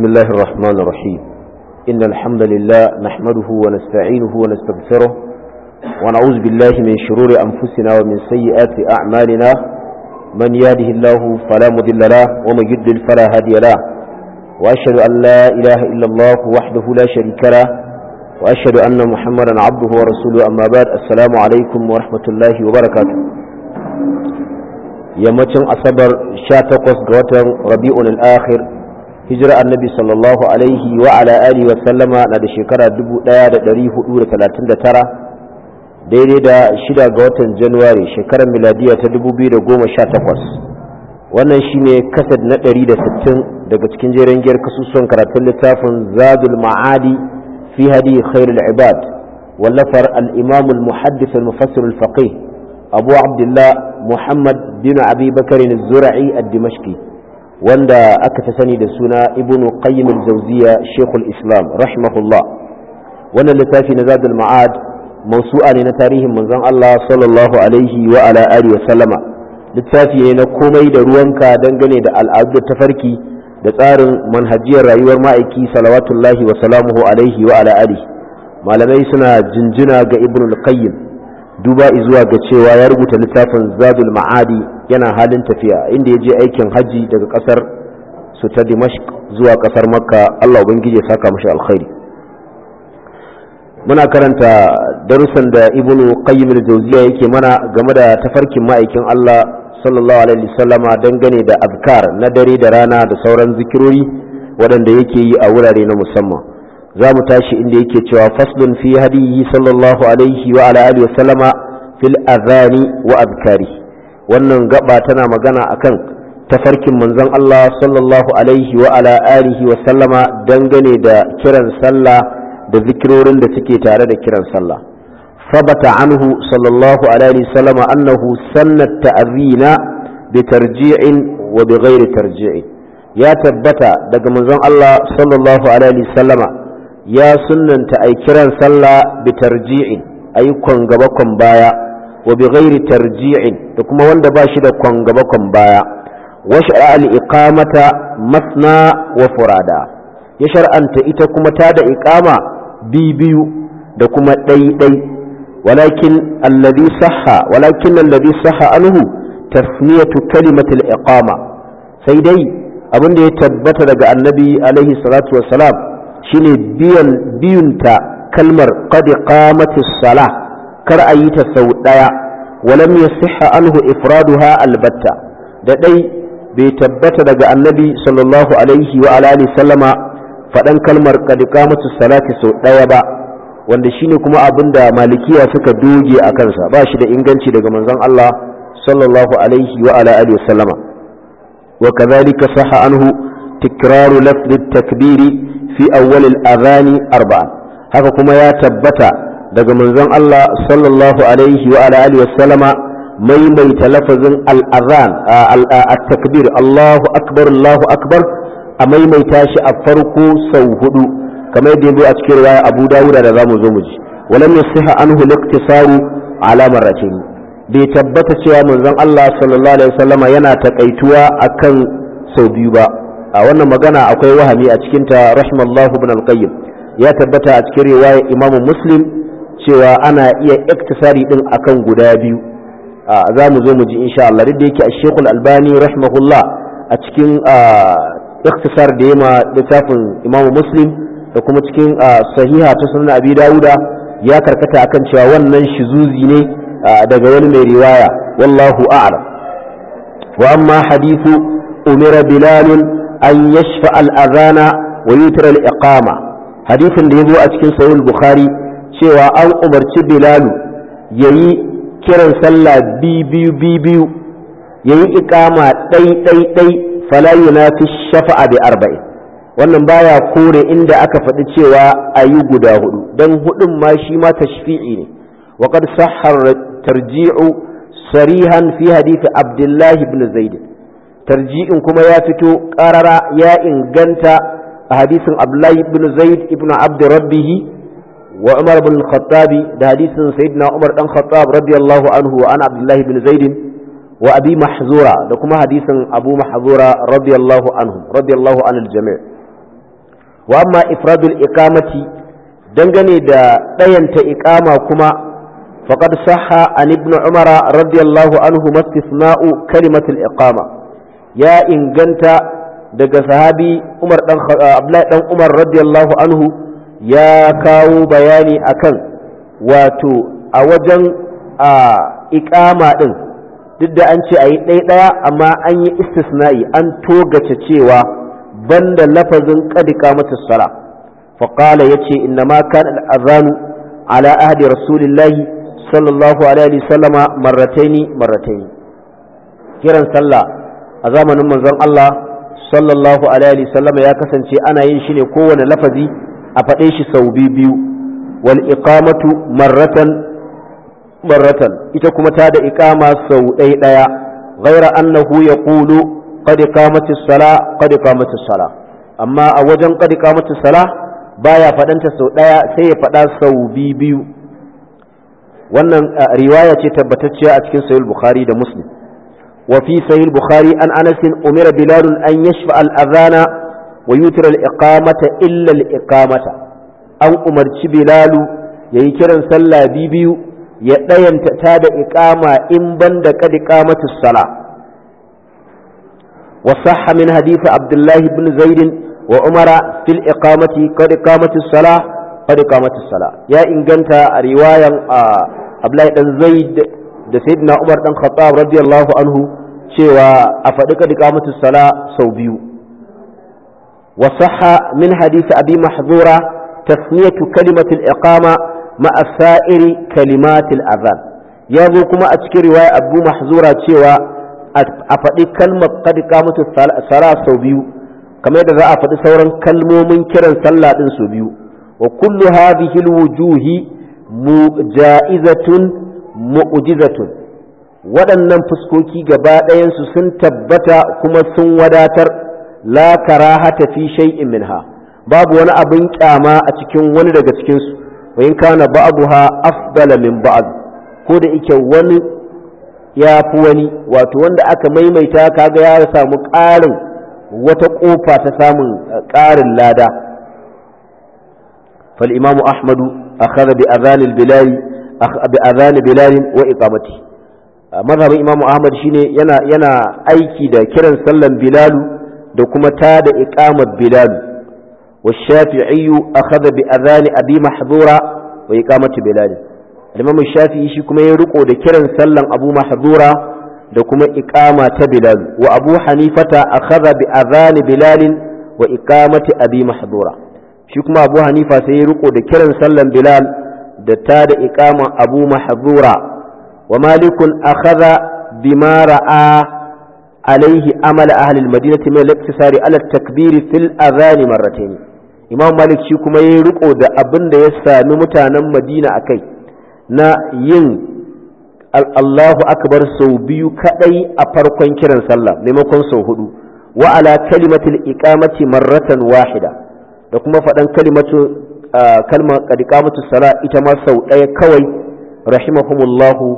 بسم الله الرحمن الرحيم إن الحمد لله نحمده ونستعينه ونستغفره ونعوذ بالله من شرور أنفسنا ومن سيئات أعمالنا من يهده الله فلا مضل له ومن يضلل فلا هادي له وأشهد أن لا إله إلا الله وحده لا شريك له وأشهد أن محمدا عبده ورسوله أما بعد السلام عليكم ورحمة الله وبركاته يمتن أصبر شاتقص قوة ربيع الآخر hijirar annabi sallallahu alaihi wa ala alihi wa sallama na da shekara 1439 daidai da shida ga watan januwari shekarar miladiya ta 2018 wannan shine kasad na 160 daga cikin jeren giyar kasusuwan karatun littafin zadul ma'adi fi hadi khairul ibad wallafar al-imam al-muhaddith al-mufassir al-faqih abu abdullah muhammad bin abi bakr az-zur'i ad-dimashqi wanda aka ta sani da suna ibnu qayyim al-jawziya shaykhul islam rahimahullah wannan littafi na zadul ma'ad mawsu'a ne na tarihin manzon Allah sallallahu alaihi wa ala alihi wa sallama littafi ne na komai da ruwanka dangane da al'adu da tafarki da tsarin manhajiyar rayuwar ma'aiki salawatullahi wa salamuhu alaihi wa ala alihi malamai suna jinjina ga ibnu al-qayyim duba zuwa ga cewa ya rubuta littafin zadul ma'adi yana halin tafiya inda ya je aikin hajji daga kasar su ta dimashq zuwa kasar makka allah ubangiji ya saka mashi alkhairi muna karanta darussan da ibnu qayyim al-jawziya yake mana game da tafarkin ma'aikin allah sallallahu alaihi wasallama dangane da azkar na dare da rana da sauran zikirori waɗanda yake yi a wurare na musamman za mu tashi inda yake cewa faslun fi hadiyi sallallahu alaihi wa ala alihi wasallama fil adhani wa azkari wannan gaba tana magana akan tafarkin manzon Allah sallallahu alaihi wa ala alihi wa sallama dangane da kiran sallah da zikirorin da suke tare da kiran sallah sabata anhu sallallahu alaihi wa sallama annahu sanna ta'zina bi tarji'in wa bi ghairi tarji'in ya tabbata daga manzon Allah sallallahu alaihi wa sallama ya sunnanta ai kiran sallah bi tarji'in ayyukan gaba kan baya wa bi ghairi tarji'in da kuma wanda ba shi da kwangaba kwan baya wa shar'a al-iqamata masna wa furada ya shar'anta ita kuma ta da iqama bibiyu da kuma ɗaiɗai walakin walakin alladhi sahha anhu tasmiyatu kalimati al-iqama sai dai abin da ya tabbata daga annabi alaihi salatu wassalam shine biyan biyunta kalmar qad qamatis salah kar a yi ta sau ɗaya walam ya siha anhu ifraduha albatta da ɗai bai tabbata daga annabi sallallahu alaihi wa alihi sallama faɗan kalmar qad qamatu salati sau ɗaya ba wanda shine kuma abin da malikiya suka doge a kansa ba shi da inganci daga manzon Allah sallallahu alaihi wa alihi sallama wa kadhalika saha anhu tikraru lafz takbiri fi awwal al-adhani arba'a haka kuma ya tabbata daga manzon Allah sallallahu alaihi wa alihi wasallama maimaita lafazin al-azan at-takbir Allahu akbar Allahu akbar a maimaita shi a farko sau hudu kamar yadda yabo a cikin riwaya Abu Dawud da zamu zo mu ji walam yasiha anhu al ala marratayn bai tabbata cewa manzon Allah sallallahu alaihi wasallama yana takaituwa akan sau biyu ba a wannan magana akwai wahami a cikinta rahimallahu ibn al-qayyim ya tabbata a cikin riwaya Imam Muslim cewa ana iya iktisari din akan guda biyu za mu zo mu ji insha Allah da yake a Sheikhul Albani rahimahullah a cikin iktisar da yema littafin Imam Muslim da kuma cikin sahiha ta sunan Abi Dawuda ya karkata akan cewa wannan shizuzi ne daga wani mai riwaya wallahu a'lam wa amma hadithu umira bilal an yashfa al-adhana wa yutra al-iqama hadithin da yazo a cikin sahih al-bukhari cewa an umarci bilalu ya yi kiran sallah biyu biyu ya yi ikama ɗai ɗai ɗai fala shafa'a bi arba'in wannan baya kore inda aka faɗi cewa a yi guda hudu don hudun ma shi ma tashfi'i ne wa qad sahha tarji'u sarihan fi hadith abdullahi ibn zaid tarji'in kuma ya fito qarara ya inganta a hadisin abdullahi ibn zaid ibn abd wa Umar bin Khattabi da hadisin Sayyidina Umar dan Khattab radiyallahu anhu wa an Abdullah bin Zaid wa Abi Mahzura da kuma hadisin Abu Mahzura radiyallahu anhu radiyallahu anil jami' wa amma ifradul iqamati dangane da ɗayanta iqama kuma faqad saha an ibn Umar radiyallahu anhu mastisna'u kalimatul iqama ya inganta daga sahabi Umar dan abdullahi dan Umar radiyallahu anhu ya kawo bayani akan wato a wajen a ikama din duk da an ce a yi ɗaya amma an yi istisna'i an togace cewa banda lafazin ƙadika mata sala faƙala ya ce inna ma kan al'azanu ala ahadi rasulillahi sallallahu alaihi sallama marataini marataini kiran sallah a zamanin manzon Allah sallallahu alaihi sallama ya kasance ana yin shi ne kowane lafazi a faɗe shi sau biyu wal iqamatu marratan marratan ita kuma ta da iqama sau ɗaya ɗaya ghaira annahu yaqulu qad qamati sala qad sala amma a wajen qad qamati sala baya faɗanta sau ɗaya sai ya faɗa sau biyu wannan riwaya ce tabbatacciya a cikin sahih bukhari da muslim wa fi sahih bukhari an anas umira bilal an yashfa wa yutir al-iqamata illa al-iqamata an umarci bilalu yayi kiran sallah biyu ya dayanta ta da iqama in banda kad iqamatu sala wa sahha min hadith abdullah ibn zaid wa umara fil iqamati kad iqamatu sala kad iqamatu sala ya inganta a riwayan abdullahi dan zaid da sayyidina umar dan khattab radiyallahu anhu cewa a faɗi kad iqamatu sala sau biyu وصح من حديث أبي محظورة تسمية كلمة الإقامة مع سائر كلمات الأذان يذو كما أتكي رواية أبو محظورة تيوى أفضي كلمة قد قامت الصلاة سوبيو كما يدفع أفضي سورا كلمة من كرا صلاة سوبيو وكل هذه الوجوه جائزة mu'jizatun waɗannan fuskoki gaba ɗayansu sun tabbata kuma sun wadatar la karahata fi shay'in minha babu wani abin kyama a cikin wani daga cikin su wa in kana ba'daha afdala min ba'd ko da yake wani ya fi wani wato wanda aka maimaita kaga ya samu ƙarin wata ƙofa ta samun eh, ƙarin lada fal imamu ahmadu akhadha bi adhan bilal bi adhan bilal mazhabin imamu ahmad shine yana aiki da kiran sallar bilalu da kuma ta da iqamar bilal wa shafi'i akhadha bi adhan abi mahdura wa iqamati bilal al-imam shafi'i shi kuma ya riko da kiran sallan abu mahdura da kuma iqama ta bilal wa abu hanifata akhadha bi adhan bilal wa iqamati abi mahdura shi kuma abu hanifa sai ya riko da kiran sallan bilal da ta da iqama abu mahdura wa malikun akhadha bima ra'a alaihi amala ahlil madinati min al-iktisari ala takbir fil adhan marratayn imam malik shi kuma ya yi riko da abin da ya sami mutanen madina a kai na yin Allahu akbar sau biyu kadai a farkon kiran sallah maimakon sau hudu wa'ala ala kalimatul iqamati wahida da kuma faɗan kalimatu kalma ita ma sau ɗaya kawai rahimahumullahu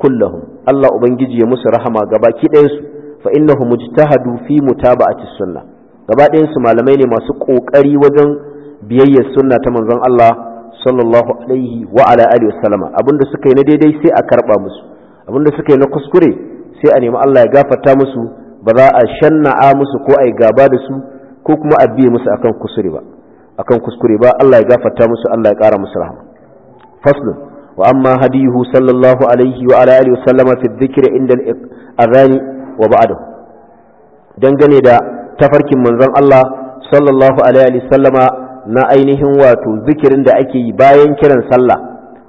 kullahum Allah ubangiji ya musu rahama gabaki ɗayansu fa innahu mujtahadu fi mutaba'ati sunna gaba ɗayan su malamai ne masu kokari wajen biyayya sunna ta manzon Allah sallallahu alaihi wa ala alihi wasallama abinda suka yi na daidai sai a karba musu abinda suka yi na kuskure sai a nemi Allah ya gafarta musu ba za a shanna'a musu ko a yi gaba da su ko kuma a biya musu akan kuskure kuskure ba Allah ya musu Allah ya kara musu rahama faslun وأما هديه صلى الله عليه وعلى آله وسلم في الذكر عند الأذان wa ba'adu dangane da tafarkin manzon Allah sallallahu alaihi sallama na ainihin wato zikirin da ake yi bayan kiran sallah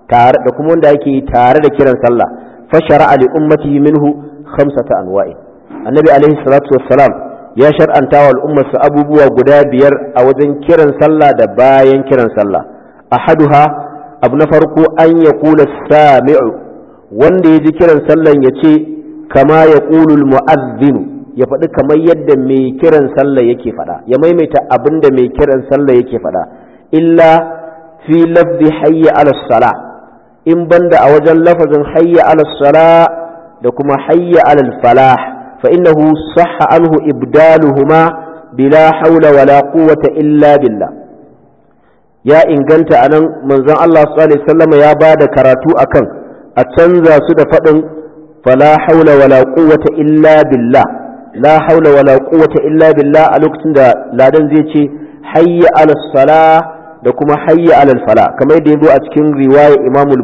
tare da kuma wanda ake yi tare da kiran sallah fa shar'a li ummatihi minhu khamsata anwa'i annabi alaihi salatu wassalam ya shar'anta wa al'ummarsa abubuwa guda biyar a wajen kiran sallah da bayan kiran sallah ahaduha abu na farko an ya kula sami'u wanda ya ji kiran sallan ya ce kama ya ƙulul mu'azzinu ya faɗi kamar yadda mai kiran sallah yake faɗa ya maimaita abin da mai kiran sallah yake faɗa illa fi lafzi hayya ala sala in banda a wajen lafazin hayya ala sala da kuma hayya ala falah fa innahu sahha anhu ibdaluhuma bila haula wala quwwata illa billah ya inganta anan manzon Allah sallallahu alaihi wasallam ya bada karatu akan a canza su da faɗin fala haula wala la haula wala quwwata illa billah a lokacin da ladan zai ce hayya ala sala da kuma hayya ala fala kamar yadda yazo a cikin riwaya Imam al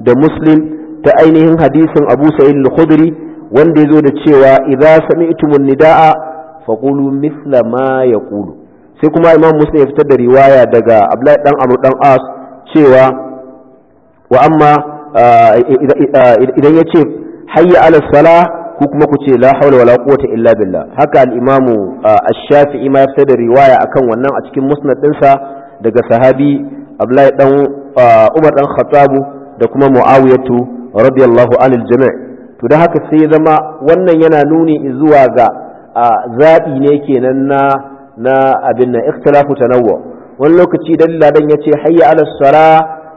da Muslim ta ainihin hadisin Abu Sa'id al-Khudri wanda yazo da cewa idza sami'tumun nidaa faqulu mithla ma yaqulu sai kuma Imam Muslim ya fitar da riwaya daga Abdullahi dan Amr dan As cewa wa amma idan ya ce hayya ala sala ku kuma ku ce la haula wala quwwata illa billah haka al-imamu uh, ash-shafi'i ma ya fitar da riwaya akan wannan a cikin musnad ɗinsa daga sahabi abdullahi dan uh, umar dan khattab da kuma muawiyatu radiyallahu anil jami' to da haka sai zama wannan yana nuni zuwa ga uh, zaɓi ne kenan na na abin na ikhtilafu tanawwu wani lokaci dan ladan yace hayya ala sala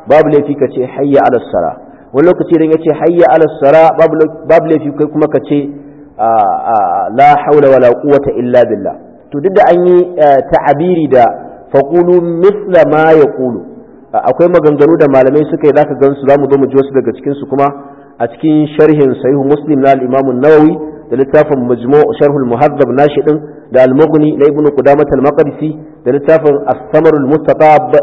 babu laifi ka ce hayya ala sala wani lokaci idan yace hayya ala sara babu laifi kai kuma ka ce la haula wala quwwata illa billah to duk da an yi eh, ta'abiri da faqulu mithla ma yaqulu akwai maganganu da malamai suka yi zaka gansu zamu zo mu ji wasu daga cikin su kuma a cikin sharhin sa'ihu muslim na al-imam an-nawawi da littafin majmu' sharhul muhaddab nashi din da al-mughni na ibnu qudamah al-maqdisi da littafin as-samar al-mustatab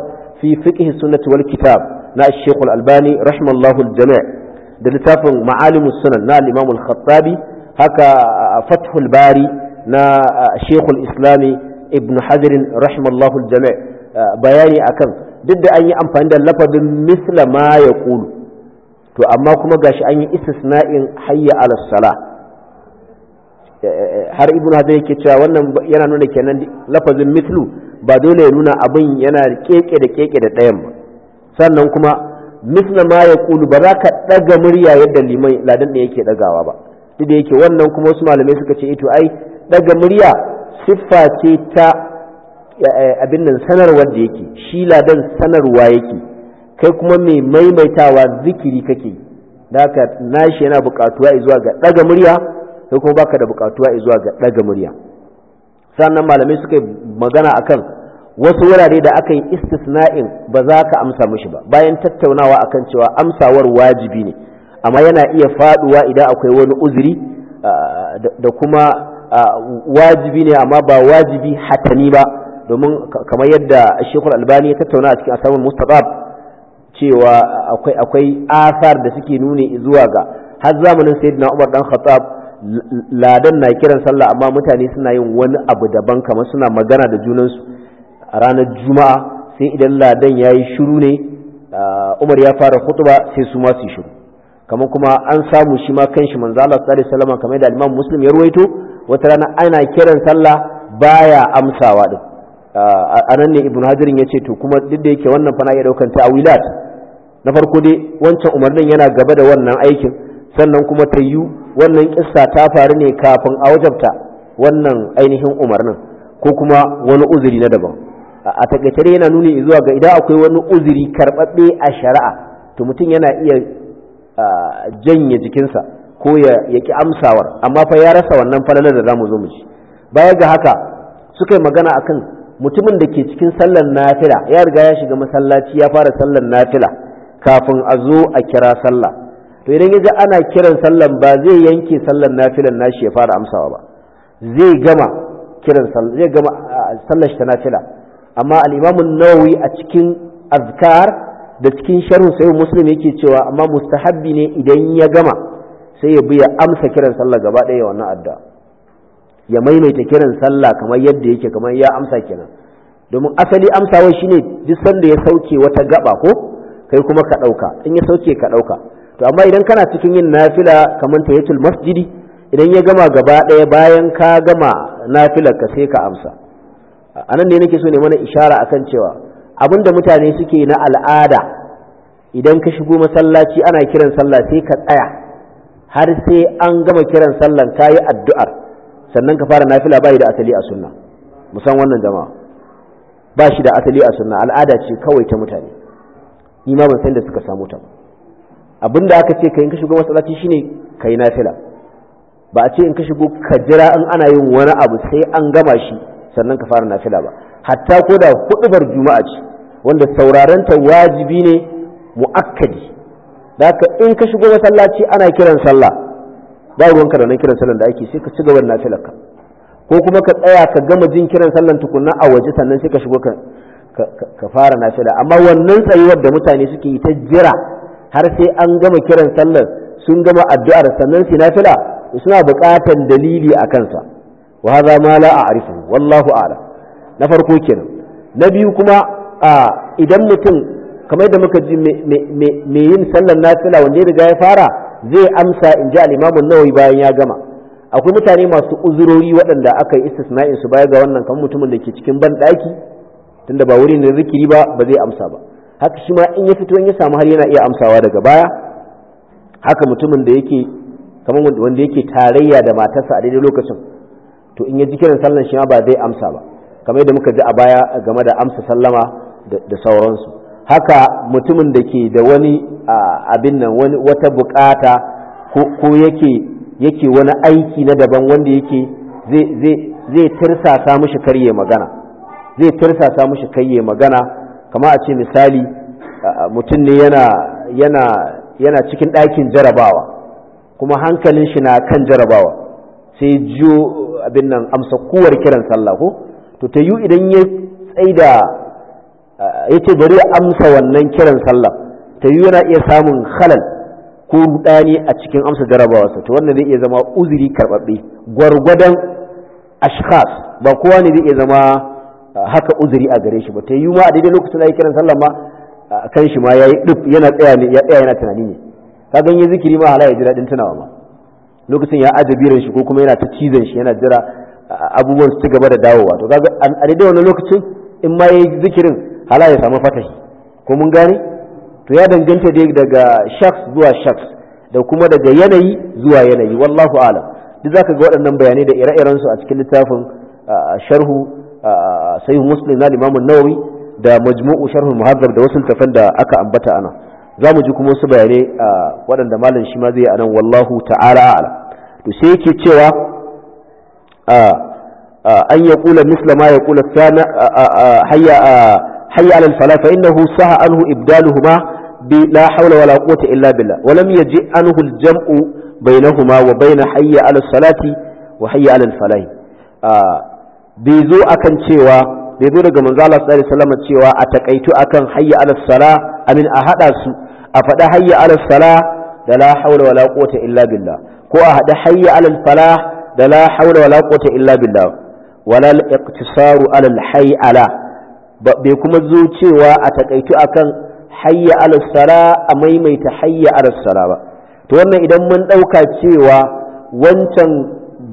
fi fiqh sunnah wal kitab na Sheikh Al-Albani rahimallahu al-jami' da littafin Ma'alimus Sunan na al-Imam Al-Khattabi haka Fathul Bari na Sheikh Al-Islam Ibn Hajar rahimallahu al-jami' bayani akan duk da an yi amfani da lafazin misla ma kulu to amma kuma gashi an yi istisna'in hayya ala sala e, e, e, har ibn hajar yake cewa wannan yana nuna kenan lafazin mithlu ba dole ya nuna abin yana keke da keke da ɗayan ba sannan kuma misla ma ya kulu ba za ka ɗaga murya yadda liman ladan da yake ɗagawa ba duk yake wannan kuma wasu malamai suka ce ito ai ɗaga murya siffa ce ta eh, eh, abin nan sanarwar da yake shi ladan sanarwa yake kai kuma mai maimaitawa zikiri kake da haka nashi yana buƙatuwa zuwa ga ɗaga murya sai kuma baka da buƙatuwa zuwa ga ɗaga murya sannan malamai suka yi magana akan wasu wurare da aka yi istisna'in ba za ka amsa mishi ba bayan tattaunawa akan cewa amsawar wajibi ne amma yana iya faduwa idan akwai wani uzuri da kuma wajibi ne amma ba wajibi hatani ba domin kamar yadda shekul albani ya tattauna a cikin asamun mustaqab cewa akwai asar da suke nuni zuwa ga har zamanin sayyidina umar dan khattab ladan na kiran sallah amma mutane suna yin wani abu daban kamar suna magana da junansu a ranar juma'a sai idan ladan ya yi shiru ne umar ya fara hutuba sai su ma su shiru kamar kuma an samu shi ma kan shi manzo Allah sallallahu alaihi wasallam kamar da Imam Muslim ya ruwaito wata rana ana kiran sallah baya amsawa din anan ne Ibn hajarin ya ce to kuma duk da yake wannan fana ya daukan ta awilat na farko dai wancan umarnin yana gaba da wannan aikin sannan kuma ta tayyu wannan kissa ta faru ne kafin a wajabta wannan ainihin umarnin ko kuma wani uzuri na daban a takaitare yana nuni zuwa ga idan akwai wani uzuri karɓaɓɓe a shari'a to mutum yana iya janye jikinsa ko ya ki amsawar amma fa ya rasa wannan falalar da zamu zo mu ji baya ga haka suka yi magana akan mutumin da ke cikin sallar nafila ya riga ya shiga masallaci ya fara sallar nafila kafin a zo a kira sallah to idan ya ji ana kiran sallan ba zai yanke sallar nafilan nashi ya fara amsawa ba zai gama kiran sallar zai gama sallar shi ta nafila amma al-imam nawawi a cikin azkar da cikin sharh sai muslim yake cewa amma mustahabbi ne idan ya gama sai ya bi ya amsa kiran sallah gaba ɗaya wannan adda ya maimaita kiran sallah kamar yadda yake kamar ya amsa kenan domin asali amsawa shine duk sanda ya sauke wata gaba ko kai kuma ka ɗauka in ya sauke ka ɗauka to amma idan kana cikin yin nafila kamar tahiyatul masjidi idan ya gama gaba ɗaya bayan ka gama nafilar ka sai ka amsa anan ne nake so ne mana ishara akan cewa abinda mutane suke na al'ada idan ka shigo masallaci ana kiran sallah sai ka tsaya har sai an gama kiran sallan yi addu'ar sannan ka fara nafila bai da asali a sunna musan wannan jama'a ba shi da asali a sunna al'ada ce kawai ta mutane ni ma ban san da suka samu ta abinda aka ce ka in ka shigo masallaci shine kai nafila ba a ce in ka shigo ka jira in ana yin wani abu sai an gama shi sannan ka fara nafila ba hatta ko da hudubar juma'a ce wanda sauraron ta wajibi ne mu'akkadi da in ka shigo masallaci ana kiran sallah ba ruwanka da nan kiran sallan da ake sai ka ci gaban nafilar ka ko kuma ka tsaya ka gama jin kiran sallan tukunna a waje sannan sai ka shigo ka ka fara nafila amma wannan tsayuwar da mutane suke yi ta jira har sai an gama kiran sallar sun gama addu'ar sannan su nafila suna buƙatar dalili a kansa wa hadha ma la a'rifu wallahu a'lam na farko kenan na biyu kuma idan mutum kamar da muka ji me yin sallar nafila wanda ya riga ya fara zai amsa in ji al-imamu nawawi bayan ya gama akwai mutane masu uzurori waɗanda aka yi istisna'in su baya ga wannan kan mutumin da ke cikin ban ɗaki tunda ba wurin da zikiri ba ba zai amsa ba haka shi ma in ya fito in ya samu har yana iya amsawa daga baya haka mutumin da yake kamar wanda yake tarayya da matarsa a daidai lokacin to in ya ji kiran sallan shi ma ba zai amsa ba kamar yadda muka ji a baya game da amsa sallama da sauransu haka mutumin da ke da wani abin nan wani wata bukata ko yake yake wani aiki na daban wanda yake zai tirsasa mishi karye magana zai tirsasa mishi karye magana kamar a ce misali mutum ne yana cikin ɗakin jarabawa kuma hankalin shi na kan jarabawa sai jiyo abin nan amsa kowar kiran sallah ko to ta yi idan ya tsaida eh, ya ce bari amsa wannan kiran sallah ta yi yana iya samun halal ko rudani a cikin amsa jarabawarsa to wannan zai iya zama uzuri karɓaɓɓe gwargwadon ashkhas ba kowa ne zai iya zama eh, haka uzuri a gare shi ba ta yi ma a daidai lokacin da ya kiran sallah ma eh, kan shi ma ya yi yana tsaya yana tunani ne ka ganye zikiri ma hala ya ji tunawa ma lokacin ya aje biran shi ko kuma yana ta cizon shi yana jira abubuwan su ci gaba da dawowa to kaga a da wannan lokacin in ma yayi zikirin hala ya samu fatahi ko mun gane to ya danganta dai daga shaks zuwa shaks da kuma daga yanayi zuwa yanayi wallahu alam duk zaka ga waɗannan bayanai da ire-iren su a cikin littafin sharhu sai muslim na Imam Nawawi da majmu'u sharhu muhazzab da wasu tafan da aka ambata ana za mu ji kuma wasu bayanai waɗanda malam shi ma zai yi a nan wallahu ta'ala a'ala to sai yake cewa an ya kula misla ma ya kula sana hayya hayya alal fala fa innahu saha anhu ibdaluhuma bi la hawla wala quwwata illa billah wa lam yaji anhu al jam'u bainahuma wa bain hayya alal salati wa hayya alal falah bai zo akan cewa bai zo daga manzo Allah sallallahu alaihi wasallam cewa a takaitu akan hayya alal sala amin a hada su a faɗi hayya alal sala da la haula wala quwwata illa billah ko a haɗa hayya alal sala da la haula wala quwwata illa billah wala al-iqtisaru alal hay'ala bai kuma zo cewa a takaitu akan hayya alal sala a maimaita hayya alal sala ba to wannan idan mun ɗauka cewa wancan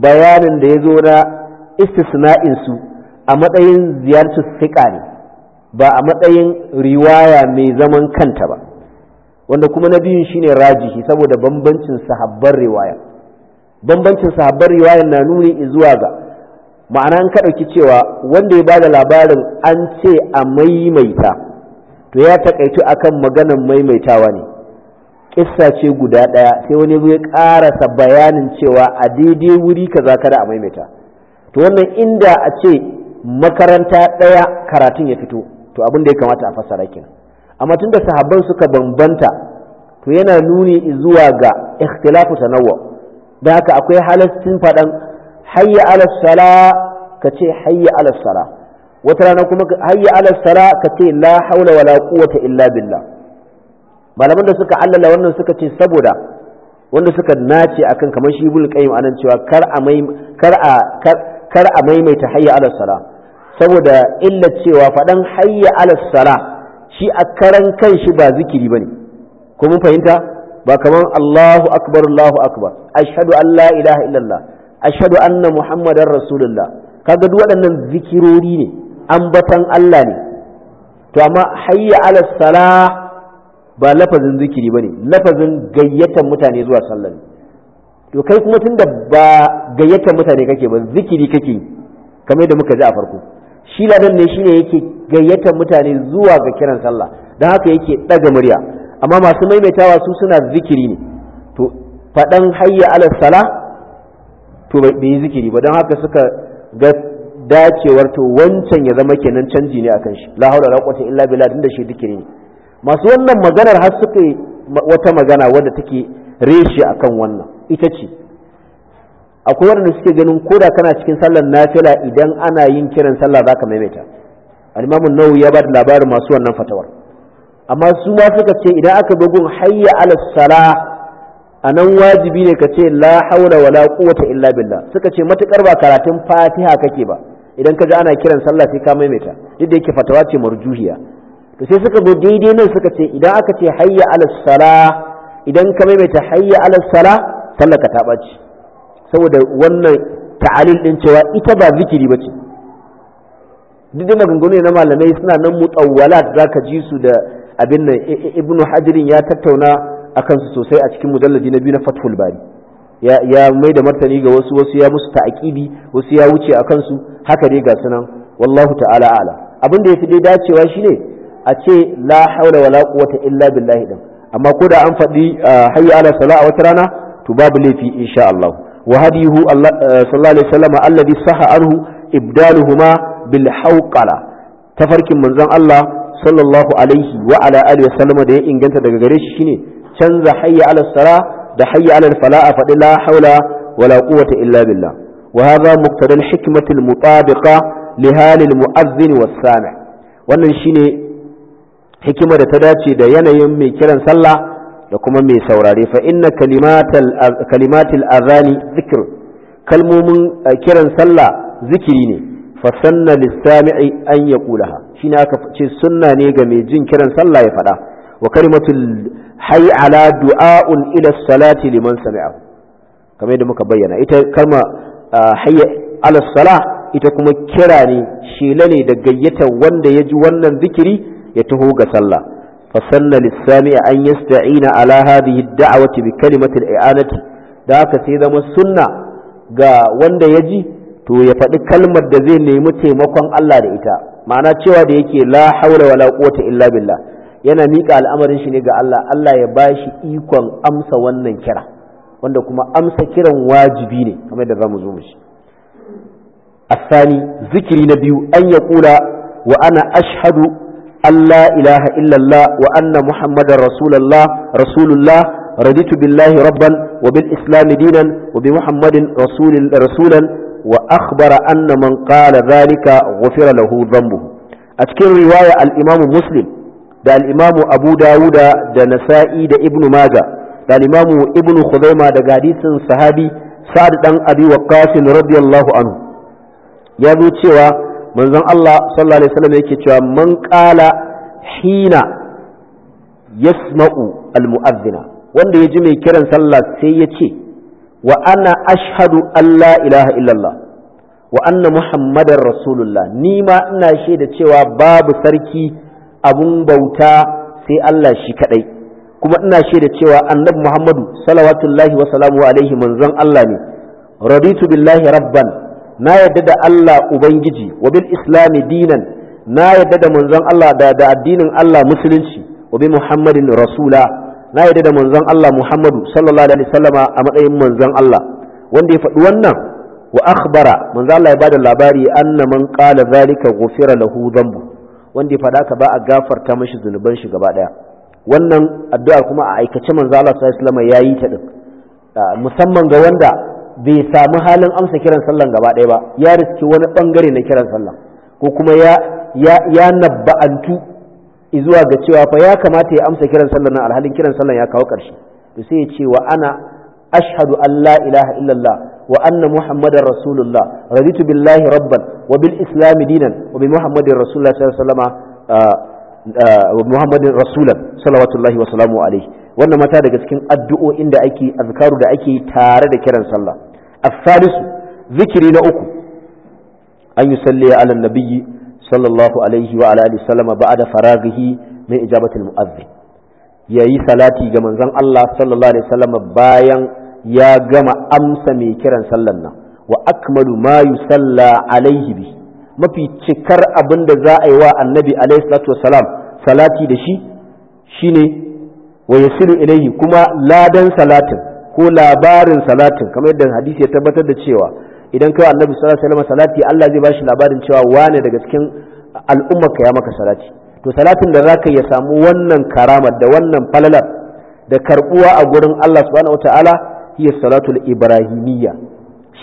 bayanin da ya zo na su a matsayin ziyartar siƙa ne ba a matsayin riwaya mai zaman kanta ba wanda kuma na biyun shine rajihi saboda bambancin sahabbar riwaya bambancin sahabbar riwaya na nuni zuwa ga ma'ana an kaɗauki cewa wanda ya bada labarin an ce a maimaita to ya takaitu akan maganar maimaitawa ne kissa ce guda ɗaya sai wani ya ƙarasa bayanin cewa a daidai wuri kaza kada a maimaita to wannan inda a ce makaranta ɗaya karatun ya fito to abin da ya kamata a fassara kenan amma tunda sahabban suka bambanta to yana nuni zuwa ga ikhtilafu tanawwu da haka akwai halastin faɗan hayya ala sala ka ce hayya ala sala wata rana kuma hayya ala sala ka ce la haula wala quwwata illa billah malaman da suka allala wannan suka ce saboda wanda suka nace akan kamar shi ibn qayyim anan cewa kar a kar a kar a maimaita hayya ala sala saboda illa cewa faɗan hayya ala sala shi a karan kan shi ba zikiri bane ko mun fahimta ba kaman Allahu akbar Allahu akbar ashhadu an la ilaha illallah ashhadu anna muhammadar rasulullah kaga duk waɗannan zikirori ne ambatan Allah ne to amma hayya ala ba lafazin zikiri bane lafazin gayyatar mutane zuwa sallah ne to kai kuma tunda ba gayyatar mutane kake ba zikiri kake kamar da muka ji a farko shi ladan ne shine yake gayyata mutane zuwa ga kiran sallah don haka yake ɗaga murya amma masu maimaitawa su suna zikiri ne to faɗan hayya ala sala to bai yi zikiri ba don haka suka ga dacewar to wancan ya zama kenan canji ne akan shi la haula la quwwata illa billah tunda shi zikiri ne masu wannan maganar har suka wata magana wadda take reshe akan wannan ita ce akwai waɗanda suke ganin koda kana cikin sallar nafila idan ana yin kiran sallah zaka maimaita al-imam an-nawawi ya bada labarin masu wannan fatawar amma su ma suka ce idan aka zo gun hayya ala sala anan wajibi ne ka ce la haula wala quwwata illa billah suka ce matukar ba karatun fatiha kake ba idan ka ji ana kiran sallah sai ka maimaita duk da yake fatawa ce marjuhiya to sai suka zo daidai nan suka ce idan aka ce hayya ala sala idan ka maimaita hayya ala sala sallaka ta ɓaci saboda wannan ta'alil din cewa ita ba zikiri bace duk da maganganu na malamai suna nan mutawwalat zaka ji su da abin nan ibnu hajirin ya tattauna akan su sosai a cikin mujalladi na biyu na fathul bari ya ya mai da martani ga wasu wasu ya musu ta'aqidi wasu ya wuce akan su haka dai ga sunan wallahu ta'ala ala. abin da yafi dai dacewa shine a ce la haula wala quwwata illa billahi din amma ko da an faɗi ah, hayya ala sala a wata rana to babu laifi insha Allah wa hadihu sallallahu alaihi wasallam alladhi saha anhu ibdaluhuma bil hawqala tafarkin manzon Allah sallallahu alaihi wa ala alihi da ya inganta daga gare shi shine canza hayya ala sala da hayya ala fala'a fadi la haula wala quwwata illa billa wa hadha muqtada al hikmati al mutabiqa li hali al mu'adhdhin was sami' wannan shine hikima da ta dace da yanayin mai kiran sallah da kuma mai saurare fa inna kalimatil azani zikr kalmomin kiran sallah zikiri ne fa sanna lissami'i an yaqulaha shine aka ce sunna ne ga mai jin kiran sallah ya faɗa wa kalimatul hayy ala du'a'un ila salati liman sami'a kamar yadda muka bayyana ita kalma hayya ala salah ita kuma kira ne shela ne da gayyata wanda ya ji wannan zikiri ya taho ga sallah fasanna lissami an yasta'ina ala hadhihi a dawati bi kalimati al-i'anati da haka sai zama sunna ga wanda ya ji to ya faɗi kalmar da zai nemi taimakon Allah da ita ma'ana cewa da yake la haula wala quwwata illa billah yana miƙa al'amarin shi ne ga Allah Allah ya bashi ikon amsa wannan kira wanda kuma amsa kiran wajibi ne kamar da zamu zo mu shi asani zikiri na biyu an kula wa'ana ana ashhadu Allah ilaha illallah wa anna muhammadar rasulullah raditu billahi rabban wa bil islam dinan wa bi muhammadin rasulan wa akhbara anna man qala dhalika ghufira lahu dhanbuhu a cikin riwaya al-imam muslim da al abu dawuda da nasa'i da ibnu maja da al-imam ibnu khuzaima daga hadisin sahabi sa'ad dan abi waqqas radiyallahu anhu ya zo cewa manzon Allah sallallahu alaihi wasallam yake cewa man qala hina yasma'u almu'adhdhina wanda ya ji mai kiran sallah sai ya ce wa ana ashhadu an ilaha illallah wa anna muhammadar rasulullah ni ma ina shaida cewa babu sarki abun bauta sai Allah shi kadai kuma ina shaida cewa annabi muhammadu salawatullahi wa salamu alaihi manzon Allah ne raditu billahi rabban na yarda da Allah ubangiji wa bil islami dinan na yadda da manzon Allah da da addinin Allah musulunci wa bi muhammadin rasula na yadda da manzon Allah Muhammadu sallallahu alaihi wasallama a matsayin manzon Allah wanda ya faɗi wannan wa akhbara manzon Allah ya bada labari anna man qala zalika ghufira lahu dhanbu wanda ya faɗa ka ba a gafarta mashi zunuban shi gaba daya wannan addu'a kuma a aikace manzon Allah sallallahu alaihi wasallama yayi ta din ah, musamman ga wanda bai samu halin amsa kiran sallan gaba ɗaya ba ya riski wani ɓangare na kiran sallan ko kuma ya ya nabba'antu zuwa ga cewa fa ya kamata ya amsa kiran sallan nan alhalin kiran sallan ya kawo ƙarshe to sai ya ce wa ana ashhadu an la ilaha illallah wa anna muhammadar rasulullah raditu billahi rabban wa bil islam dinan wa bi muhammadin rasulullah sallallahu alaihi wasallam ah, ah, muhammadin rasulan sallallahu alaihi wasallam alaihi wannan mata daga cikin addu'o'in da ake azkaru da ake tare da kiran sallah as-salisu zikiri na uku an yi salli ala nabiyyi sallallahu alaihi wa alihi sallama ba'da faraghihi min ijabati al yayi salati ga manzon Allah sallallahu alaihi sallama bayan ya gama amsa mai kiran sallan nan wa akmalu ma yusalla alaihi bi mafi cikar abin da za a yi wa annabi alaihi salatu wassalam salati da shi shine wa yasiru ilayhi kuma ladan salatin ko labarin salatin kamar yadda hadisi ya tabbatar da cewa idan kai annabi sallallahu alaihi wasallam salati Allah zai bashi labarin cewa wane daga cikin al'ummarka ya maka salati to salatin da zaka ya samu wannan karamar da wannan falalar da karbuwa a gurin Allah subhanahu wataala hiya salatul ibrahimiyya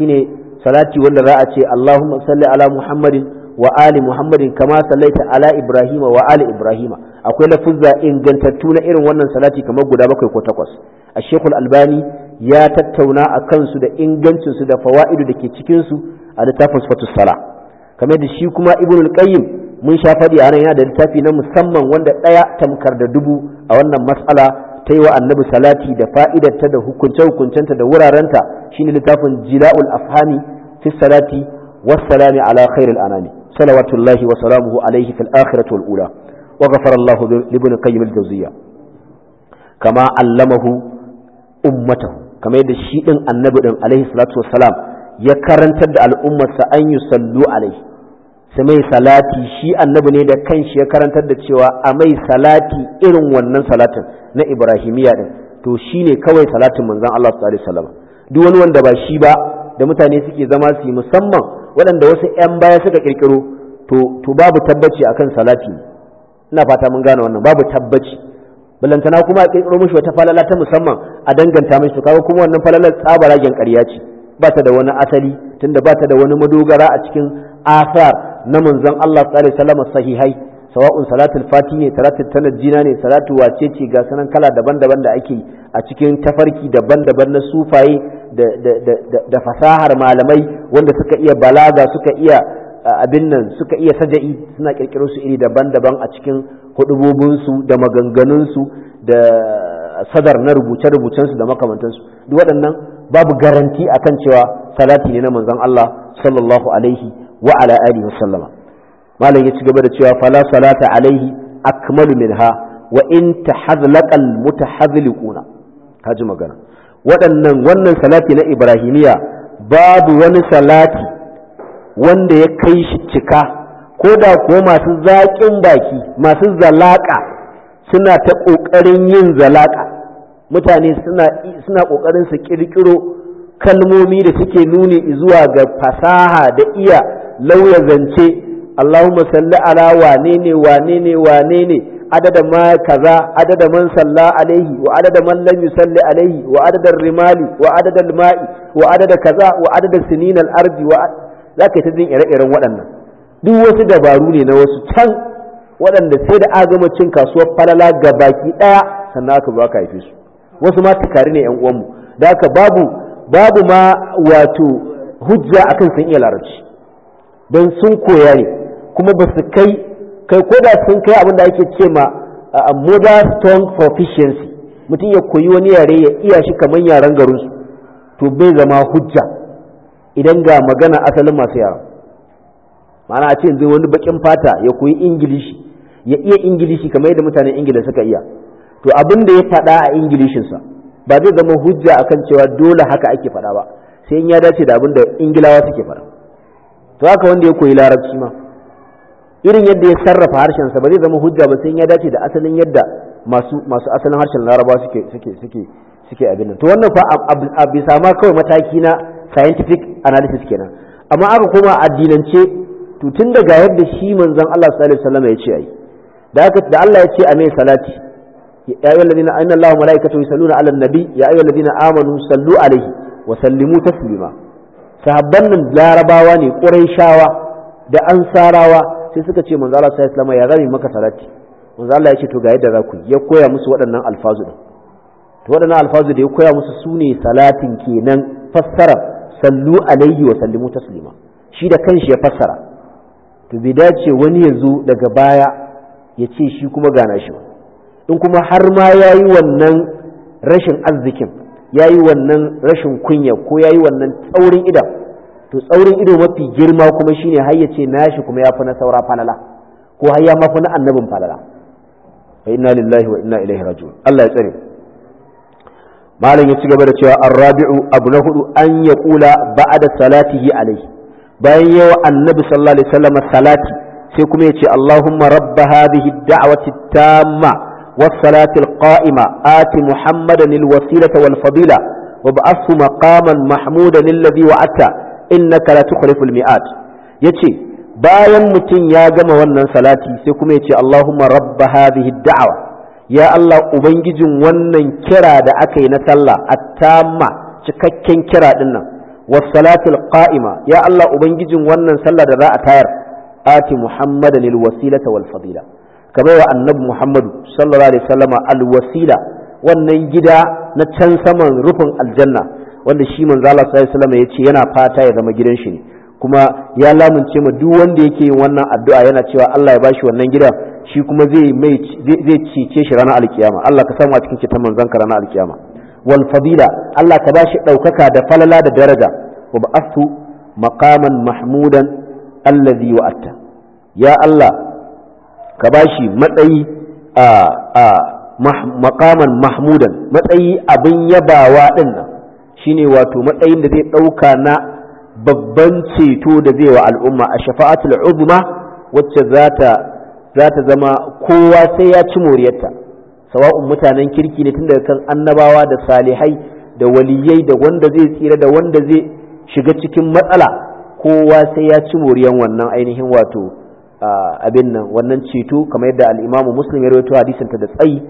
shine salati wanda za a ce Allahumma salli ala Muhammadin wa ali muhammadin kama sallaita ala ibrahima wa ali ibrahima akwai lafuzza ingantattu na irin wannan salati kamar guda bakwai ko takwas a shekul albani ya tattauna a kansu da ingancinsu da fawa'idu da ke cikinsu a littafin sifatus sala kamar da shi kuma ibnul qayyim mun sha faɗi a nan yana da littafi na musamman wanda ɗaya tamkar da dubu a wannan matsala ta yi wa annabi salati da fa'idarta da hukunce hukuncenta da wurarenta shine littafin jila'ul afhami fi salati was salami ala khairil alami. صلوات الله وسلامه عليه في الآخرة والأولى وغفر الله لابن القيم الجوزية كما علمه أمته كما يدى الشيء النبي عليه الصلاة والسلام يكرن تبدأ الأمة أن يصلوا عليه su mai salati shi annabi ne da kanshi ya karantar da cewa a mai salati irin wannan salatin na ibrahimiyya din to shi ne kawai salatin manzon Allah sallallahu alaihi wasallam duk wani wanda ba shi ba da mutane suke zama su yi musamman waɗanda wasu 'yan baya suka ƙirƙiro, to babu tabbaci akan salati ina fata mun gane wannan babu tabbaci balantana kuma a ƙirƙiro mishi wata falala ta musamman a danganta mishi to kaga kuma wannan falalar tsabaragen ƙarya ce ba ta da wani asali tunda ba ta da wani madogara a cikin asar na manzon Allah sallallahu alaihi wasallam sahihai sawa'un salatul fati ne salatul talajjina ne salatu wace ce ga sanan kala daban-daban da ake a cikin tafarki daban-daban na sufaye da fasahar malamai wanda suka iya balaga suka iya abin nan suka iya saja'i suna kirkiro su iri daban-daban a cikin hudubobinsu da maganganunsu da sadar na rubuce-rubucensu da makamantansu duk waɗannan babu garanti akan cewa salati ne na manzon Allah sallallahu alaihi wa ala alihi wa sallama malam ya ci gaba da cewa fala salata alaihi akmalu minha wa in tahazlaqal mutahazliquna kaji magana waɗannan wannan salati na ibrahimiya babu wani salati wanda ya kai shi cika ko da kuwa masu zaƙin baki masu zalaƙa suna ta ƙoƙarin yin zalaƙa mutane suna ƙoƙarin su ƙirƙiro kalmomi da suke nuni zuwa ga fasaha da iya lauya zance Allahumma salli ala wane ne wane ne wane ne adada ma kaza adada man salla alaihi wa adada man lam yusalli alaihi wa adada rimali wa adada alma'i wa adada kaza wa adada sinin al-ardi wa zaka ta jin ire-iren waɗannan duk wasu dabaru ne na wasu can waɗanda sai da agama cin kasuwar falala ga baki ɗaya sannan aka zo aka haife su wasu ma tukari ne 'yan uwanmu da haka babu babu ma wato hujja akan sun iya larabci don sun koya ne kuma ba su kai kai ko da sun kai abin da ake ce ma mother tongue proficiency mutum ya koyi wani yare ya iya shi kamar yaren garinsu to bai zama hujja idan ga magana asalin masu yara ma'ana a ce zai wani bakin fata ya koyi ingilishi ya iya ingilishi kamar yadda mutanen ingila suka iya to abin da ya faɗa a ingilishinsa ba zai zama hujja akan cewa dole haka ake faɗa ba sai in ya dace da abin da ingilawa suke faɗa to haka wanda ya koyi larabci ma irin yadda ya sarrafa harshensa ba zai zama hujja ba sai ya dace da asalin yadda masu masu asalin harshen laraba suke suke suke suke abin nan to wannan fa a bisa ma kawai mataki na scientific analysis kenan amma aka koma addinance to tun daga yadda shi manzon Allah sallallahu alaihi wasallam ya ce ai da aka da Allah ya ce a mai salati ya ayyuhal ladina inna Allaha malaikatahu yusalluna ala nabi ya ayyuhal ladina amanu sallu alaihi wa sallimu taslima sahabban nan larabawa ne quraishawa da ansarawa sai suka ce manzo Allah sallallahu alaihi ya zame maka salati manzo Allah ya to ga yadda za ya koya musu waɗannan alfazu din to waɗannan alfazu da ya koya musu sune salatin kenan fassara sallu alaihi wa sallimu taslima shi da kanshi ya fassara to bai dace wani ya zo daga baya ya ce shi kuma gana shi in kuma har ma yayi wannan rashin arzikin yayi wannan rashin kunya ko yayi wannan tsaurin idan to tsaurin ido mafi girma kuma shine har ya ce nashi kuma ya fi na saura falala ko har ya mafi na annabin falala fa inna lillahi wa inna ilaihi raji'un Allah ya tsare malam ya ci gaba da cewa arrabi'u abu na hudu an ya kula ba'da salatihi alaihi bayan yawa annabi sallallahu alaihi wasallam salati sai kuma ya ce allahumma rabba hadhihi ad-da'wati tamma والصلاة القائمة آت محمدا الوسيلة والفضيلة وابعثه مقاما محمودا الذي وعدته innaka la tukhliful mi'at yace bayan mutum ya gama wannan salati sai kuma yace Allahumma rabb hadhihi da'wa ya Allah ubangijin wannan kira da aka yi na sallah at cikakken kira din nan was salatil qa'ima ya Allah ubangijin wannan sallah da za a tayar ati muhammadan lil wasilata wal fadila kamar wa annabi muhammad sallallahu alaihi wasallama al wasila wannan gida na can saman rufin aljanna wanda shi manzo Allah sallallahu alaihi yana fata ya zama gidan shi ne kuma ya lamunce ma duk wanda yake yin wannan addu'a yana cewa Allah ya bashi wannan gida shi kuma zai mai zai cece shi ranar alkiyama Allah ka samu a cikin kitan manzon ka ranar alkiyama wal fadila Allah ka bashi daukaka da falala da daraja wa ba'athu maqaman mahmudan allazi wa'atta ya Allah ka bashi matsayi a a maqaman mahmudan matsayi abin yabawa ɗinnan. shine wato matsayin da zai ɗauka na babban ceto da zai wa al'umma a shafa'atul uzma wacce za ta zama kowa sai ya ci moriyarta sawa'un mutanen kirki ne tun daga kan annabawa da salihai da Waliyyai da wanda zai tsira da wanda zai shiga cikin matsala kowa sai ya ci moriyan wannan ainihin wato abin nan wannan ceto kamar yadda al'imamu muslim ya rawaito hadisin ta da tsayi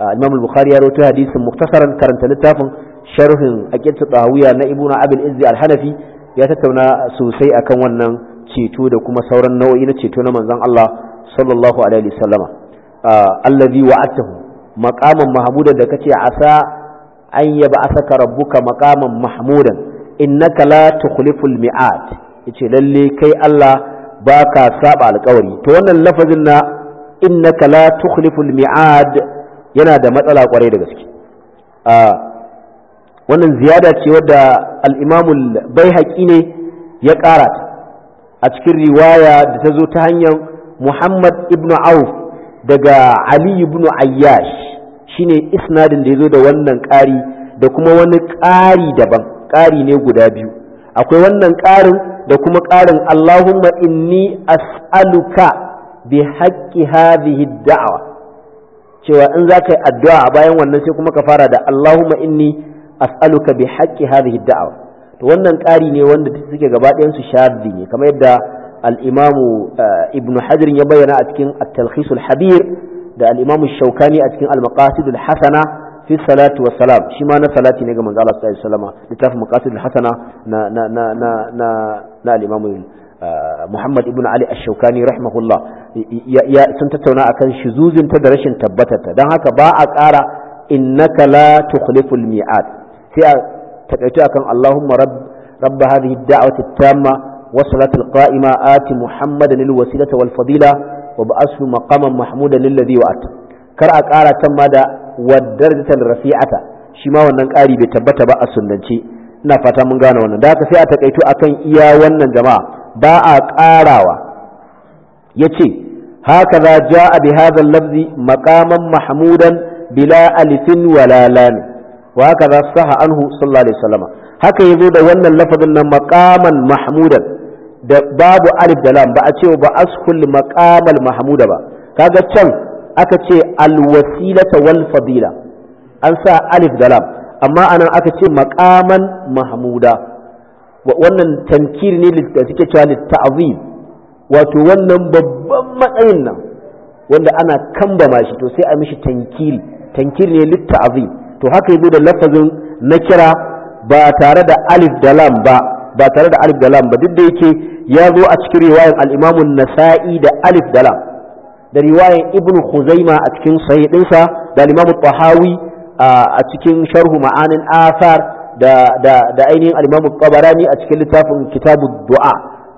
al'imamu bukhari ya rawaito hadisin muktasaran karanta littafin sharhin aqidat tahawiya na Ibuna abil izzi al-hanafi ya tattauna sosai akan wannan ceto da kuma sauran nau'in na ceto na manzon Allah sallallahu alaihi wasallama allazi wa'atahu maqaman mahmudan da kace asa an yab'athaka rabbuka maqaman mahmudan innaka la tukhliful mi'ad yace lalle kai Allah baka saba alƙawari to wannan lafazin na innaka la tukhliful mi'ad yana da matsala kwarai da gaske wannan ziyada ce wadda al'imamul bai haƙi ne ya ƙara a cikin riwaya da ta zo ta hanyar muhammad ibn auf daga ali ibn ayyash shine isnadin da ya zo da wannan ƙari da kuma wani ƙari daban ƙari ne guda biyu akwai wannan ƙarin da kuma ƙarin allahumma inni as'aluka bi haƙƙi hadhihi da'awa cewa in za ka yi addu'a a bayan wannan sai kuma ka fara da allahumma inni as'aluka bi haqqi hadhihi da'wa to wannan ƙari ne wanda suke gaba ɗayan su shaddi ne kamar yadda al-Imam eh, Ibn Hajar ya bayyana a cikin At-Talkhis al-Habir da al-Imam Shawkani a cikin Al-Maqasid al-Hasana fi salatu wa salam shi ma na salati ne ga manzo Allah sallallahu alaihi wasallam littafin Maqasid al-Hasana na na na na na, na al-Imam eh, Muhammad ibn Ali ash-Shawkani rahimahullah ya sun tattauna akan shuzuzin ta da rashin tabbatar ta dan haka ba a ƙara innaka la tukhliful mi'ad sai a takaitu akan Allahumma rabba rabb hadhihi ad-da'wati at-tamma was-salati ati Muhammadan al-wasilata wal wa ba'athu maqaman mahmudan lilladhi wa'at kar a ƙara can ma da wadarjatal rafi'ata shi ma wannan ƙari bai tabbata ba a sunnance ina fata mun gane wannan da haka sai a takaitu akan iya wannan jama'a ba a ƙarawa ya ce yace هكذا جاء بهذا اللفظ مقاما mahmudan bila ألف ولا لام wa haka za saha anhu sallallahu alaihi wasallam haka yazo da wannan lafazin na maqaman mahmudan da babu alif da lam ba a ce ba askul maqamal mahmuda ba kaga can aka ce al wasilata wal fadila an sa alif da lam amma anan aka ce maqaman mahmuda wannan tankir ne da suke cewa wato wannan babban matsayin nan wanda ana kambama shi to sai a mishi tankiri tankiri ne litta'zim to haka yazo da lafazin na kira ba tare da alif da lam ba ba tare da alif da lam ba duk da yake ya zo a cikin riwayar alimamun nasai da alif da lam da riwayar Ibn Khuzaima a cikin sahihinsa da al-Imam Tahawi a cikin sharhu ma'anin asar da ainihin al-Imam a cikin littafin kitabu Du'a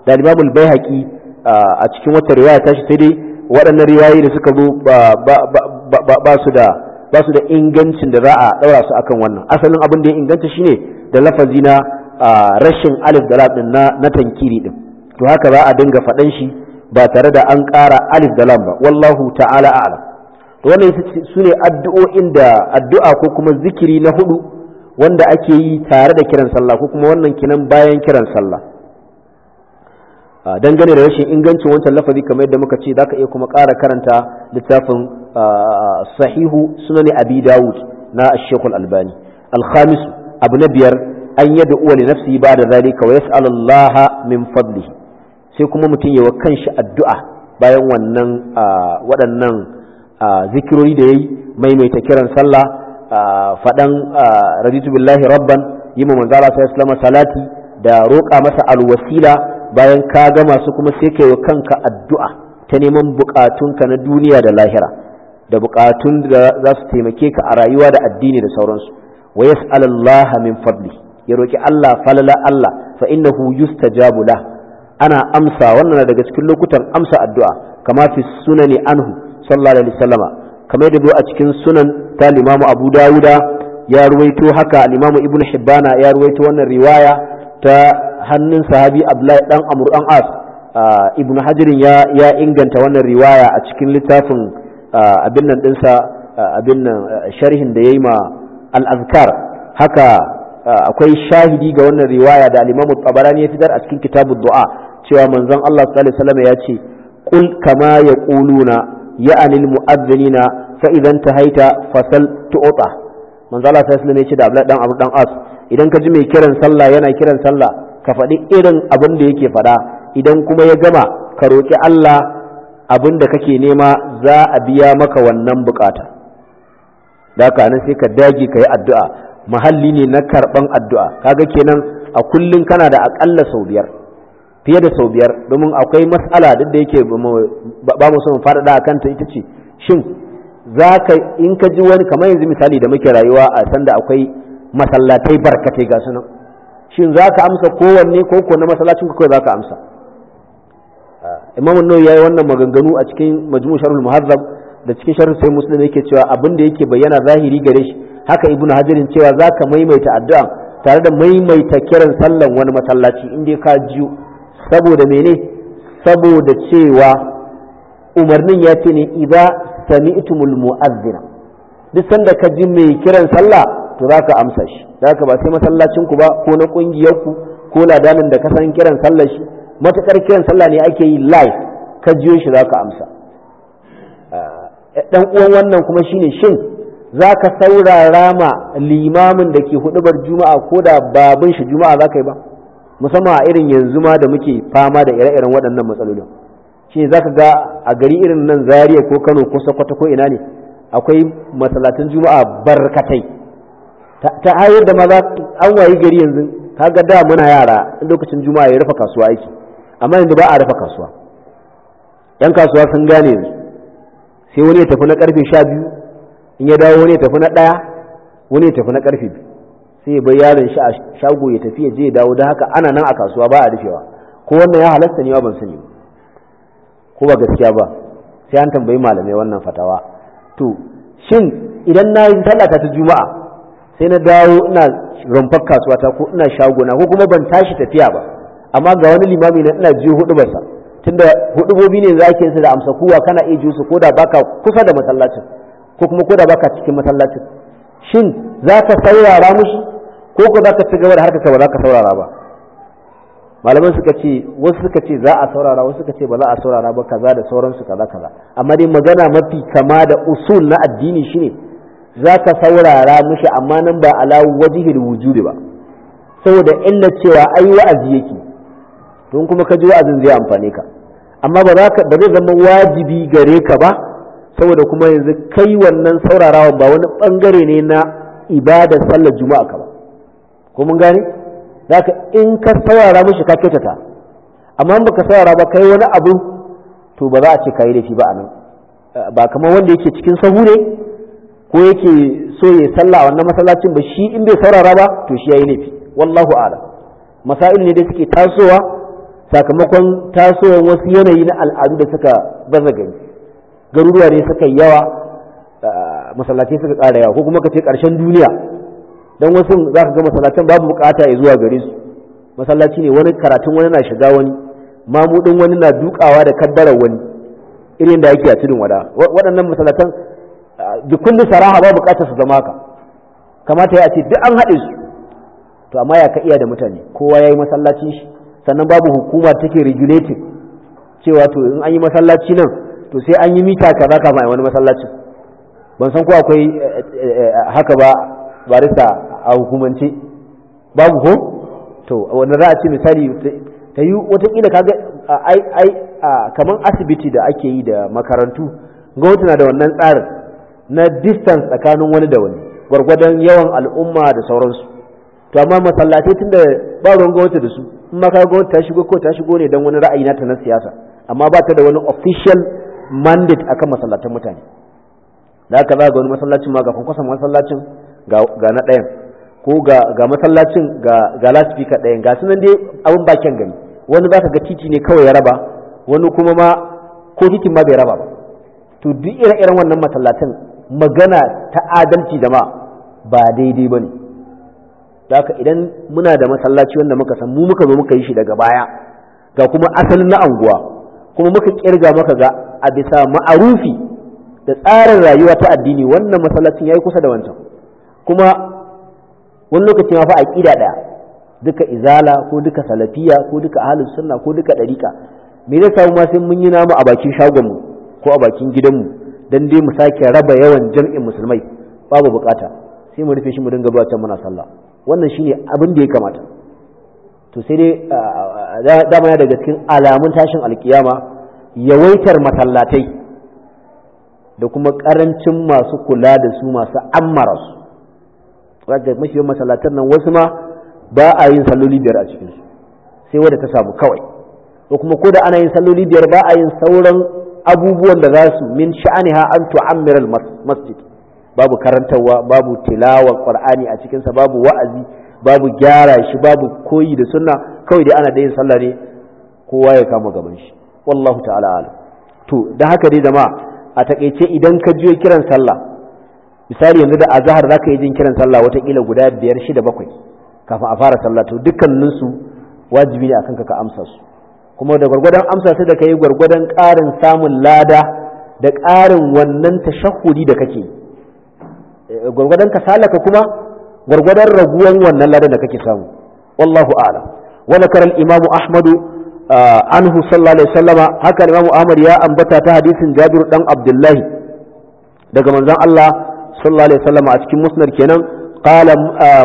da al-Imam a cikin wata riwaya tashi sai dai waɗannan riwayoyi da suka zo ba su da ba su da ingancin da za a ɗaura su akan wannan asalin abin da ya inganta shine da lafazi na rashin alif da lam na na tankiri din to haka za a dinga faɗan shi ba tare da an ƙara alif da lam ba wallahu ta'ala a'lam to wannan su ne addu'o'in da addu'a ko kuma zikiri na hudu wanda ake yi tare da kiran sallah ko kuma wannan kinan bayan kiran sallah dangane da rashin ingancin wancan lafazi kamar yadda muka ce zaka iya kuma ƙara karanta littafin sahihu sunan abi dawud na ashehul albani al-khamis abu na biyar an yad'u li nafsihi da zalika wa yas'al Allah min fadlihi sai kuma mutum ya yawa kanshi addu'a bayan wannan waɗannan zikirori da yayi maimaita kiran sallah faɗan raditu rabban yi ma manzala sallallahu alaihi salati da roƙa masa alwasila bayan ka ga masu kuma sai wa kanka addu'a ta neman buƙatunka na duniya da lahira da bukatun da za su taimake ka a rayuwa da addini da sauransu wa yas'al Allah min fadli ya roki Allah falala Allah fa innahu yustajabu la ana amsa wannan daga cikin lokutan amsa addu'a kama fi sunani anhu sallallahu alaihi wasallama kamar da a cikin sunan ta limamu Abu Dawuda ya ruwaito haka al-Imam Ibn Hibbana ya ruwaito wannan riwaya ta hannun sahabi Abdullahi dan Amr dan As ah, Ibn Hajarin ya inganta wannan riwaya a cikin littafin abin nan ɗinsa abin nan sharhin da ya yi ma al-azkar haka akwai shahidi ga wannan riwaya da al-Imam Tabarani ya fitar a cikin kitabud du'a cewa manzon Allah sallallahu alaihi ya ce kul kama yaquluna ya al na fa'idan idan haita fasal tu'ta manzon Allah sallallahu ya ce da Abu dan As idan ka ji mai kiran sallah yana kiran sallah ka faɗi irin abin da yake faɗa idan kuma ya gama ka roƙi Allah abin da kake nema za a biya maka wannan bukata da haka nan sai ka dage ka yi addu'a mahalli ne na karban addu'a kaga kenan a kullum kana da aƙalla sau biyar fiye da sau biyar domin akwai matsala duk da yake ba mu son faɗaɗa a kanta ita ce shin za ka in ka ji wani kamar yanzu misali da muke rayuwa a sanda akwai masallatai barkatai ga sunan shin za ka amsa kowanne ko ko na masallacin kawai za ka amsa imam an-nawawi yayi wannan maganganu a cikin majmu' al muhazzab da cikin sharh sai muslim yake cewa abin da yake bayyana zahiri gare shi haka ibn hajarin cewa zaka maimaita addu'a tare da maimaita kiran sallan wani masallaci dai ka ji saboda mene saboda cewa umarnin ya ce ne idza sami'tumul mu'azzina duk sanda ka ji mai kiran sallah to ka amsa shi zaka ba sai masallacin ku ba ko na kungiyar ku ko ladanin da ka san kiran sallar shi matakar kiran sallah ne ake yi live ka jiyo shi zaka amsa dan uwan wannan kuma shine shin zaka saurara ma limamin da ke hudubar juma'a ko da babin shi juma'a zaka yi ba musamman a irin yanzu ma da muke fama da ire-iren waɗannan matsalolin shi zaka ga a gari irin nan Zaria ko Kano ko Sokoto ko ina ne akwai masalatun juma'a barkatai ta hayar da maza an wayi gari yanzu ka ga da muna yara lokacin juma'a ya rufe kasuwa aiki amma yanzu ba a rufe kasuwa yan kasuwa sun gane sai wani ya tafi na karfe sha biyu in ya dawo wani ya tafi na ɗaya wani ya tafi na karfe biyu sai bai yaron shi a shago ya tafi ya je ya dawo da haka ana nan a kasuwa ba a rufewa ko wannan ya halasta ne ban sani ko ba gaskiya ba sai an tambayi malamai wannan fatawa to shin idan na yi sallah ta juma'a sai na dawo ina rumfar kasuwa ta ko ina shago na ko kuma ban tashi tafiya ba amma ga wani limami na ina jiyo hudubarsa tunda gobi ne za ka da amsa kuwa kana iya jiyo su ko da baka kusa da masallacin ko kuma ko da baka cikin masallacin shin za ka saurara mushi ko ko za ka ci gaba da harkarka ba za ka saurara ba malaman suka ce wasu suka ce za a saurara wasu suka ce ba za a saurara ba kaza da sauransu kaza kaza amma dai magana mafi kama da usul na addini shine za ka saurara mushi amma nan ba ala wajihil wujudi ba saboda illa cewa ai wa'azi yake don kuma ka ji wa'azin zai amfane ka amma ba za ka ba zai zama wajibi gare ka ba saboda kuma yanzu kai wannan saurarawan ba wani bangare ne na ibada sallar juma'a ka ba ko mun gane zaka in ka saurara mishi ka kyautata amma in baka saurara ba kai wani abu to ba za a ce ka yi shi ba anan ba kamar wanda yake cikin sahu ne ko yake so ya sallah a wannan masallacin ba shi in bai saurara ba to shi yayi laifi wallahu a'lam masail ne da suke tasowa sakamakon tasowar wasu yanayi na al'adu da suka baza gari garuruwa ne suka yi yawa masallatai suka ƙara yawa ko kuma ka ce ƙarshen duniya don wasu za ka ga masallacin babu bukata ya zuwa gare su masallaci ne wani karatun wani na shiga wani mamudin wani na dukawa da kaddarar wani irin da yake a tudun wada waɗannan masallatan da saraha babu bukatar su zama ka kamata ya ce duk an haɗe su to amma ya ka iya da mutane kowa ya yi masallacin shi sannan babu hukuma take regulating cewa to in an yi masallaci nan to sai an yi mita kaza kafin a wani masallacin ban san ko akwai eh, eh, eh, haka ba barista a hukumance babu ko to wannan za a ce misali ta yi watakila kaga ai kamar asibiti da ake yi da makarantu gwamnati na da wannan tsarin na distance tsakanin wani da wani gwargwadon yawan al'umma da sauransu to amma masallatai tunda ba ruwan gwamnati da su in ma ka gwamnati ta shigo ko ta shigo ne don wani ra'ayi na ta na siyasa amma ba ta da wani official mandate akan masallatan mutane da haka za ga wani masallacin ma ga kwankwason masallacin ga na ɗayan ko ga masallacin ga lasifika ɗayan ga sunan dai abin bakin gani wani za ka ga titi ne kawai ya raba wani kuma ma ko titin ma bai raba ba to duk ire-iren wannan masallatan magana ta adalci jama'a ba daidai ba ne da haka idan muna da masallaci wanda muka san mu muka zo muka yi shi daga baya ga kuma asalin na anguwa kuma muka kirga maka ga a bisa ma'arufi da tsarin rayuwa ta addini wannan masallacin yayi kusa da wancan kuma wani lokaci ma fa aqida daya duka izala ko duka salafiya ko duka ahlus sunna ko duka dariqa me zai samu ma sai mun yi namu a bakin shagon mu ko a bakin gidanmu dan dai mu sake raba yawan jam'in musulmai babu bukata sai mu rufe shi mu dinga zuwa can muna sallah wannan shi ne abin da ya kamata to sai dai dama ya daga cikin alamun tashin alkiyama yawaitar masallatai da kuma karancin masu kula da su masu ammara su wadda mashi yawan masallatan nan wasu ma ba a yin salloli biyar a cikin su, sai wadda ta samu kawai ko kuma ko da ana yin salloli biyar ba a yin sauran abubuwan da za su min sha'aniha an tu'ammiral masjid babu karantarwa babu tilawar qur'ani a cikinsa babu wa'azi babu gyara shi babu koyi da sunna kawai dai ana da yin sallah ne kowa ya kama gaban shi wallahu ta'ala alam to da haka dai jama'a a takeice idan ka jiyo kiran sallah misali yanzu da azhar zaka yi jin kiran sallah wata kila guda biyar shida bakwai kafin a fara sallah to dukkaninsu wajibi ne akan ka ka amsa su kuma da gwargwadon amsa sai da kai gwargwadon ƙarin samun lada da ƙarin wannan tashahudi da kake gwargwadon kasalaka kuma gwargwadon raguwan wannan ladan da kake samu wallahu ala wa nakara al-imamu ahmad anhu sallallahu alaihi wasallama haka imamu ahmad ya ambata ta hadisin jabir dan abdullahi daga manzon Allah sallallahu alaihi wasallama a cikin musnad kenan qala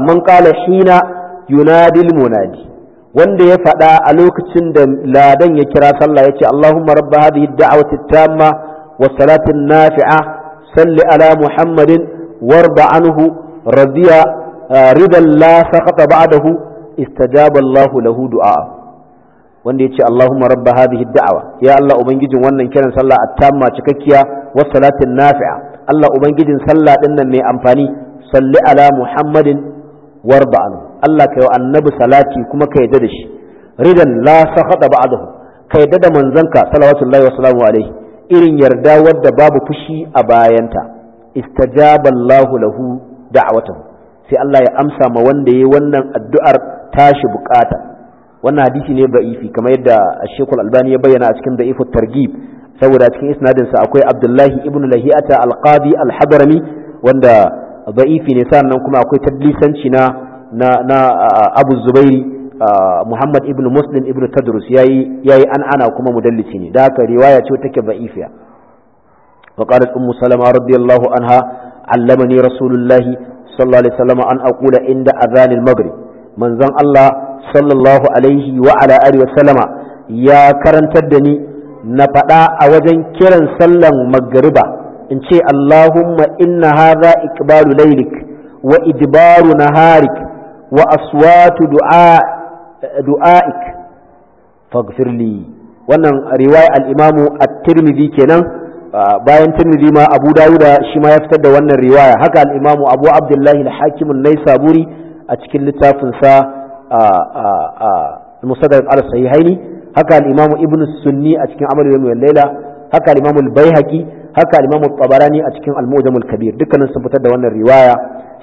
man qala hina yunadil munadi wanda ya faɗa a lokacin da ladan ya kira sallah ya ce Allahumma rabba hadhihi ad-da'wati at-tamma was-salati an-nafi'a salli ala Muhammadin warda anhu radiya eh, ridan la saqata ba'dahu istajaba Allah lahu du'a wanda ya yace Allahumma rabb hadhihi da'wa ya Allah ubangijin wannan kiran sallah at-tamma cikakkiya was salatin nafi'a Allah ubangijin sallah din nan mai amfani salli ala Muhammadin warda anhu Allah kai wa annabi salati kuma ka yarda da shi ridan la saqata ba'dahu ka yarda da manzanka sallallahu alaihi wasallam alaihi irin yarda wadda babu fushi a bayanta istajaba Allahu lahu da'watahu sai Allah ya amsa ma wanda yayi wannan addu'ar tashi bukata wannan hadisi ne ba'ifi kamar yadda Sheikh Al-Albani ya bayyana a cikin da'ifut targib saboda cikin isnadin sa akwai Abdullahi ibnu Lahiyata Al-Qadi al wanda da'ifi ne sannan kuma akwai tadlisanci na na, Abu Zubairi Muhammad ibn Muslim ibnu Tadrus yayi yayi an ana kuma mudallisi ne da haka riwaya ce take da'ifiya فقالت أم سلمة رضي الله عنها علمني رسول الله صلى الله عليه وسلم أن أقول عند أذان المغرب من زن الله صلى الله عليه وعلى آله وسلم يا كرن تدني نفدا أوجن كرن سلم مغربا إن شاء اللهم إن هذا إقبال ليلك وإدبار نهارك وأصوات دعاء دعائك فاغفر لي wannan riwaya al-imamu at-tirmidhi kenan bayan tirmidhi ma abu dawuda shi ma ya fitar da wannan riwaya haka al-imamu abu abdullahi al-hakim an-naisaburi a cikin littafin sa al-musaddaq al-sahihaini haka al-imamu ibnu sunni a cikin amal yawmi wal layla haka al-imamu al-baihaqi haka al-imamu tabarani a cikin al-mu'jam al-kabir dukkanin sun fitar da wannan riwaya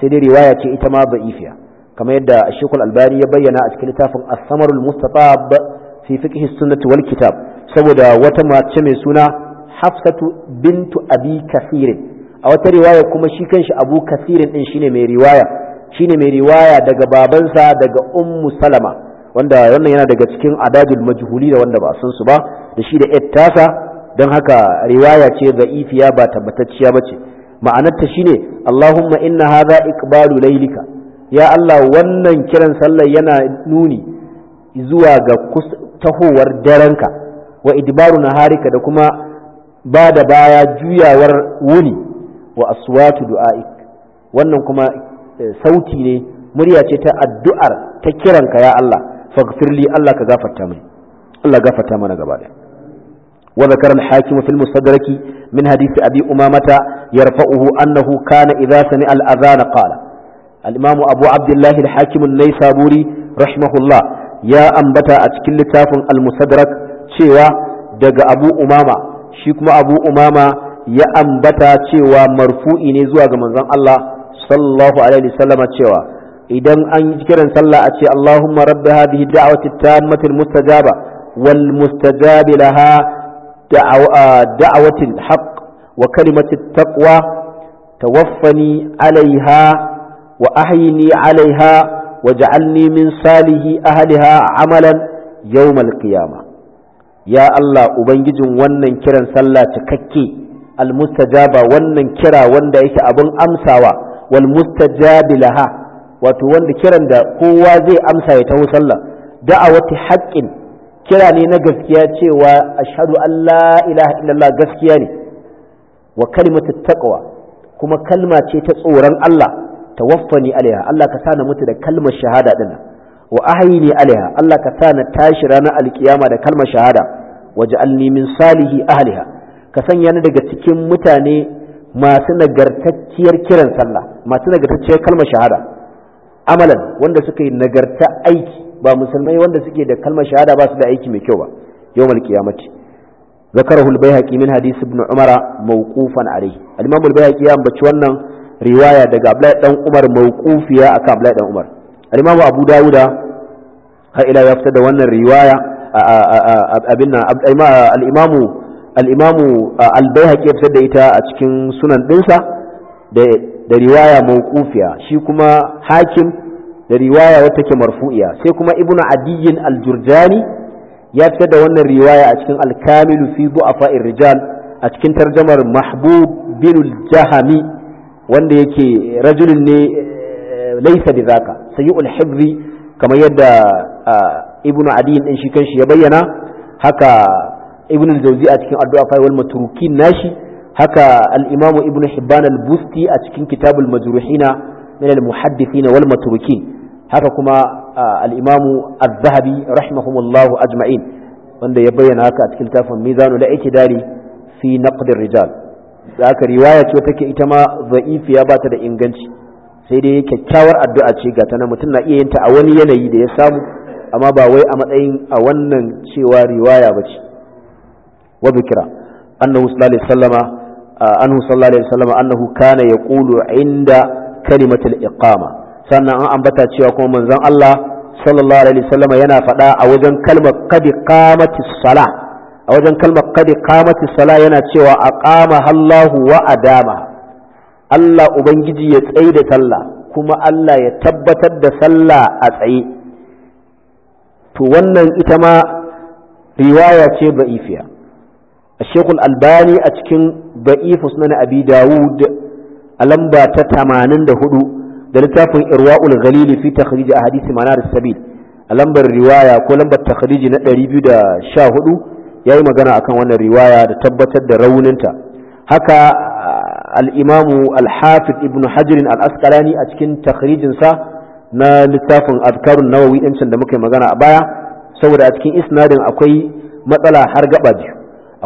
sai dai riwaya ce ita ma da'ifiya kamar yadda Sheikhul Albani ya bayyana a cikin littafin As-Samarul Mustatab fi fiqh as-sunnah wal kitab saboda wata mace mai suna hafsatu bintu abi kasirin a wata riwaya kuma shi kanshi abu kasirin din shine mai riwaya shine mai riwaya daga babansa daga ummu salama wanda wannan yana daga cikin adadul majhuli da wanda ba san su ba da shi da ittasa tasa don haka riwaya ce ifiya ba tabbatacciya bace ma'anarta shine Allahumma inna hadha iqbalu laylika ya Allah wannan kiran sallar yana nuni zuwa ga tahowar ka wa idbaru naharika da kuma ba da baya juyawar wuni wa aswatu du'a'ik wannan kuma eh, sauti ne murya ce ta addu'ar ta kiranka ya Allah faghfirli Allah ka gafarta mini Allah gafarta mana gaba da wa zakara al-hakim fi al min hadith abi umamata yarfa'uhu annahu kana idha sami'a al-adhan qala al-imam abu abdullah al-hakim an-naysaburi rahimahullah ya ambata a cikin littafin al-mustadrak cewa daga abu umama shi kuma abu umama ya ambata cewa marfu'i ne zuwa ga manzon Allah sallallahu alaihi wasallam cewa idan an yi kiran sallah a ce Allahumma rabbi hadhihi da'wati tammati mustajaba wal mustajabi laha da'watil haqq wa kalimati taqwa tawaffani alaiha wa ahyini alaiha waj'alni min salihi ahliha amalan yawm qiyamah ya Allah ubangijin wannan kiran sallah cikakke almustajaba wannan kira wanda yake abin amsawa wal mustajabi laha wato wanda kiran da kowa zai amsa ya taho sallah da'awati haqqin kira ne na gaskiya cewa ashhadu an la ilaha illallah gaskiya ne wa kalimatu taqwa kuma kalma ce ta tsoron Allah tawaffani alaiha Allah ka sa na mutu da kalmar shahada dinnan wa ahayni alaiha Allah ka sa na tashi ranar alkiyama da kalmar shahada waj'alni min salihi ahliha ka sanya ni daga cikin mutane masu nagartacciyar kiran sallah masu nagartacciyar kalmar shahada amalan wanda suka yi nagarta aiki ba musulmai wanda suke da kalmar shahada ba su da aiki mai kyau ba yawmal qiyamati ذكره البيهقي من حديث ابن عمر موقوفا عليه الإمام البيهقي ينبت wannan riwaya daga Abdullahi dan Umar mawqufiya akan Abdullahi dan Umar al-imamu abu dawuda har ila ya fitar da wannan riwaya abin al-imamu al-imamu al ya fitar da ita a cikin sunan dinsa da riwaya mawqufiya shi kuma hakim da riwaya wata ke marfu'iya sai kuma ibnu adiyyin al-jurjani ya fitar da wannan riwaya a cikin al-kamilu fi du'afa'ir rijal a cikin tarjamar mahbub bin al-jahami wanda yake rajulun ne eh, laysa zaka sayiul hibri kamar yadda ah, ibnu adiyin din shi kanshi ya bayyana haka ibnu al-jawzi a cikin addu'a fa wal matrukin nashi haka al-imamu ibnu hibban al-busti a cikin kitabul majruhina min al-muhaddithin wal maturukin haka kuma ah, al-imamu az-zahabi rahimahumullahu ajma'in wanda ya bayyana haka a cikin tafin mizanul i'tidali fi naqd ar-rijal da aka riwaya ce take ita ma za'ifiya ba ta da inganci sai dai kyakkyawar addu'a ce ga ta mutum na iya yinta a wani yanayi da ya samu amma ba wai a matsayin a wannan cewa riwaya ba ce wa bikira annahu sallallahu alaihi wasallama annahu sallallahu alaihi wasallama annahu kana yaqulu inda kalimatul iqama sannan an ambata cewa kuma manzon Allah sallallahu alaihi wasallama yana fada a wajen kalmar qad qamatis salah a wajen kalmar qad qamatis salah yana cewa aqama Allahu wa adama Allah Ubangiji ya tsaye da sallah kuma Allah ya tabbatar da sallah a tsaye to wannan ita ma riwaya ce ba'ifiya ashekul Albani a cikin ba'ifu na Abi Dawud a lamba ta 84 da littafin Irwa'ul Ghalili fi takhrij ahadith manar sabil a lambar riwaya ko lambar takhrij na da ya yi magana akan wannan riwaya da tabbatar da rauninta haka al-imamu al-hafiz ibn hajar al-asqalani a cikin takhrijinsa na littafin azkarun nawawi ɗincin da muka yi magana a baya saboda a cikin isnadin akwai matsala har gaba biyu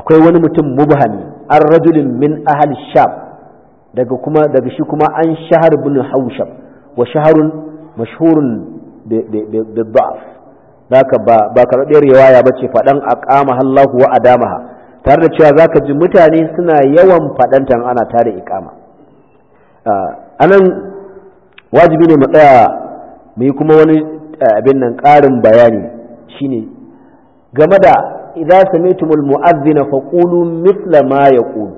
akwai wani mutum mubhami an rajulin min ahli sham daga kuma daga shi kuma an shahar bin haushab wa shaharun mashhurun bi da'af haka ba ba karɓar riwaya bace faɗan aqama Allahu wa adamaha tare da cewa zaka ji mutane suna yawan faɗanta ana tare ikama anan wajibi ne mu tsaya mu yi kuma wani abin nan ƙarin bayani shine game da idza sami'tumul mu'adhdhina faqulu mithla ma yaqul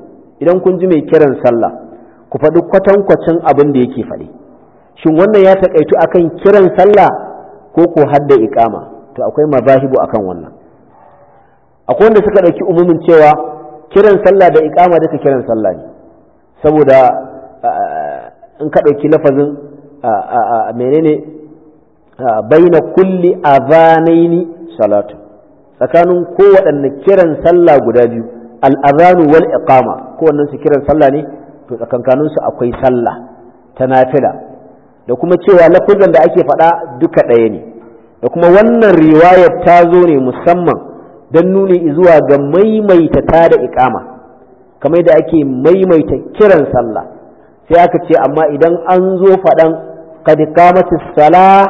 idan kun ji mai kiran sallah ku faɗi kwatankwacin abin da yake faɗi shin wannan ya taƙaitu akan kiran sallah ko ko hadda iƙama to akwai mazahibu akan wannan akwai wanda suka ɗauki umumin cewa kiran sallah da iqama duka kiran sallah ne saboda in ka ɗauki lafazin menene baina kulli azanaini salatu tsakanin kowaɗanne kiran sallah guda biyu al'azanu wal iqama kowannen su kiran sallah ne to tsakankanin su akwai sallah ta nafila da kuma cewa lafazin da ake faɗa duka ɗaya ne da kuma wannan riwayar ta zo ne musamman don nuni zuwa ga maimaita ta da ikama kamar yadda ake maimaita kiran sallah sai aka ce amma idan an zo faɗan kad qamatis salah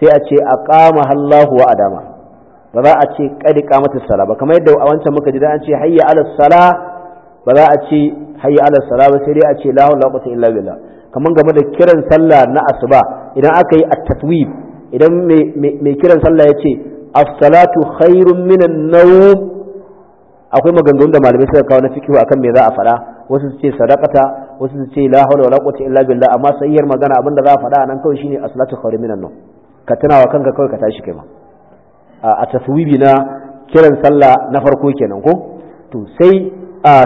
sai a ce aqama Allahu wa adama ba za a ce kad qamatis salah ba kamar yadda a wancan muka ji dan an ce hayya ala salah ba za a ce hayya ala salah ba sai dai a ce la hawla wa quwwata illa billah kamar game da kiran sallah na asuba idan aka yi at-tatwib idan mai kiran sallah ya ce as-salatu khairun minan nawm akwai maganganun da malamai suka kawo na fikihu akan me za a faɗa wasu su ce sadaqata wasu su ce la hawla wala quwwata illa billah amma sayyar magana abin za a faɗa nan kawai shine as-salatu khairun minan nawm ka tunawa kanka kawai ka tashi kai ma a taswibi na kiran sallah na farko kenan ko to sai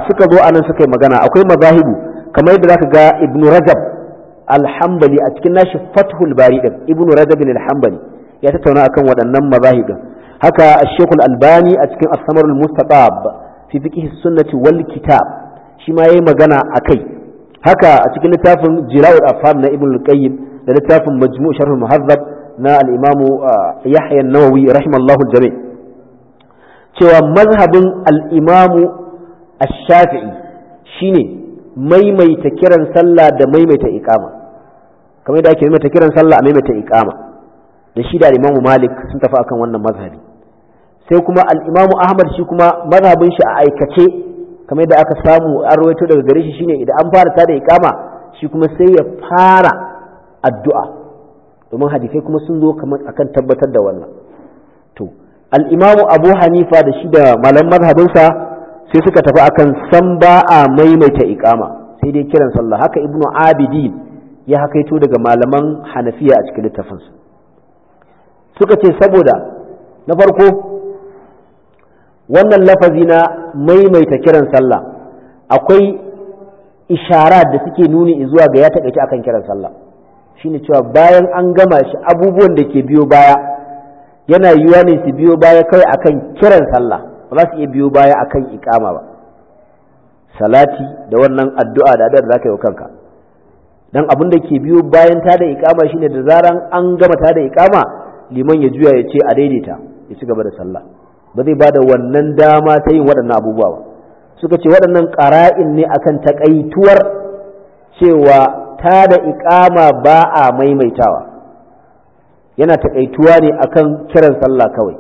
suka zo anan suka yi magana akwai mazahibu kamar yadda zaka ga ibnu rajab alhambali a cikin nashi fathul bari din ibnu rajab alhambali ya tattauna akan waɗannan mazahibin haka ashekul albani a cikin asamar mustaqab fi fiqh sunnati wal kitab shi ma yayi magana akai haka a cikin littafin jira'ul afham na ibn qayyim da littafin majmu' sharh al na al-imam uh, yahya an-nawawi rahimallahu al cewa mazhabin al-imam ash-shafi'i shine maimaita kiran sallah da maimaita iqama kamar da ake maimaita kiran sallah a maimaita iqama da shi da Imam Malik sun tafi akan wannan mazhabi sai kuma al-Imam Ahmad shi kuma mazhabin shi a aikace kamar da aka samu an rawaito daga gare shi shine idan an fara tada iqama shi kuma sai ya fara addu'a domin hadisai kuma sun zo kamar akan tabbatar da wannan to al Abu Hanifa da shi da malam sa sai suka tafi akan san ba a maimaita iqama sai dai kiran sallah haka Ibnu Abidin ya hakaito daga malaman Hanafiya a cikin littafinsa suka ce saboda na farko wannan lafazi na maimaita kiran sallah akwai ishara da suke nuni zuwa ga ya taƙaice akan kiran sallah shine cewa bayan an gama shi abubuwan da ke biyo baya yana yiwuwa ne su biyo baya kawai akan kiran sallah ba za su iya biyo baya akan ikama ba salati da wannan addu'a da adar za ka yi wa kanka dan abin da ke biyo bayan ta da ikama shine da zaran an gama ta da ikama liman ya juya ya ce a daidaita ya ci gaba da sallah ba zai ba da wannan dama ta yin waɗannan abubuwa ba suka ce waɗannan ƙara'in ne akan takaituwar cewa ta da iƙama ba a maimaitawa yana takaituwa ne akan kiran sallah kawai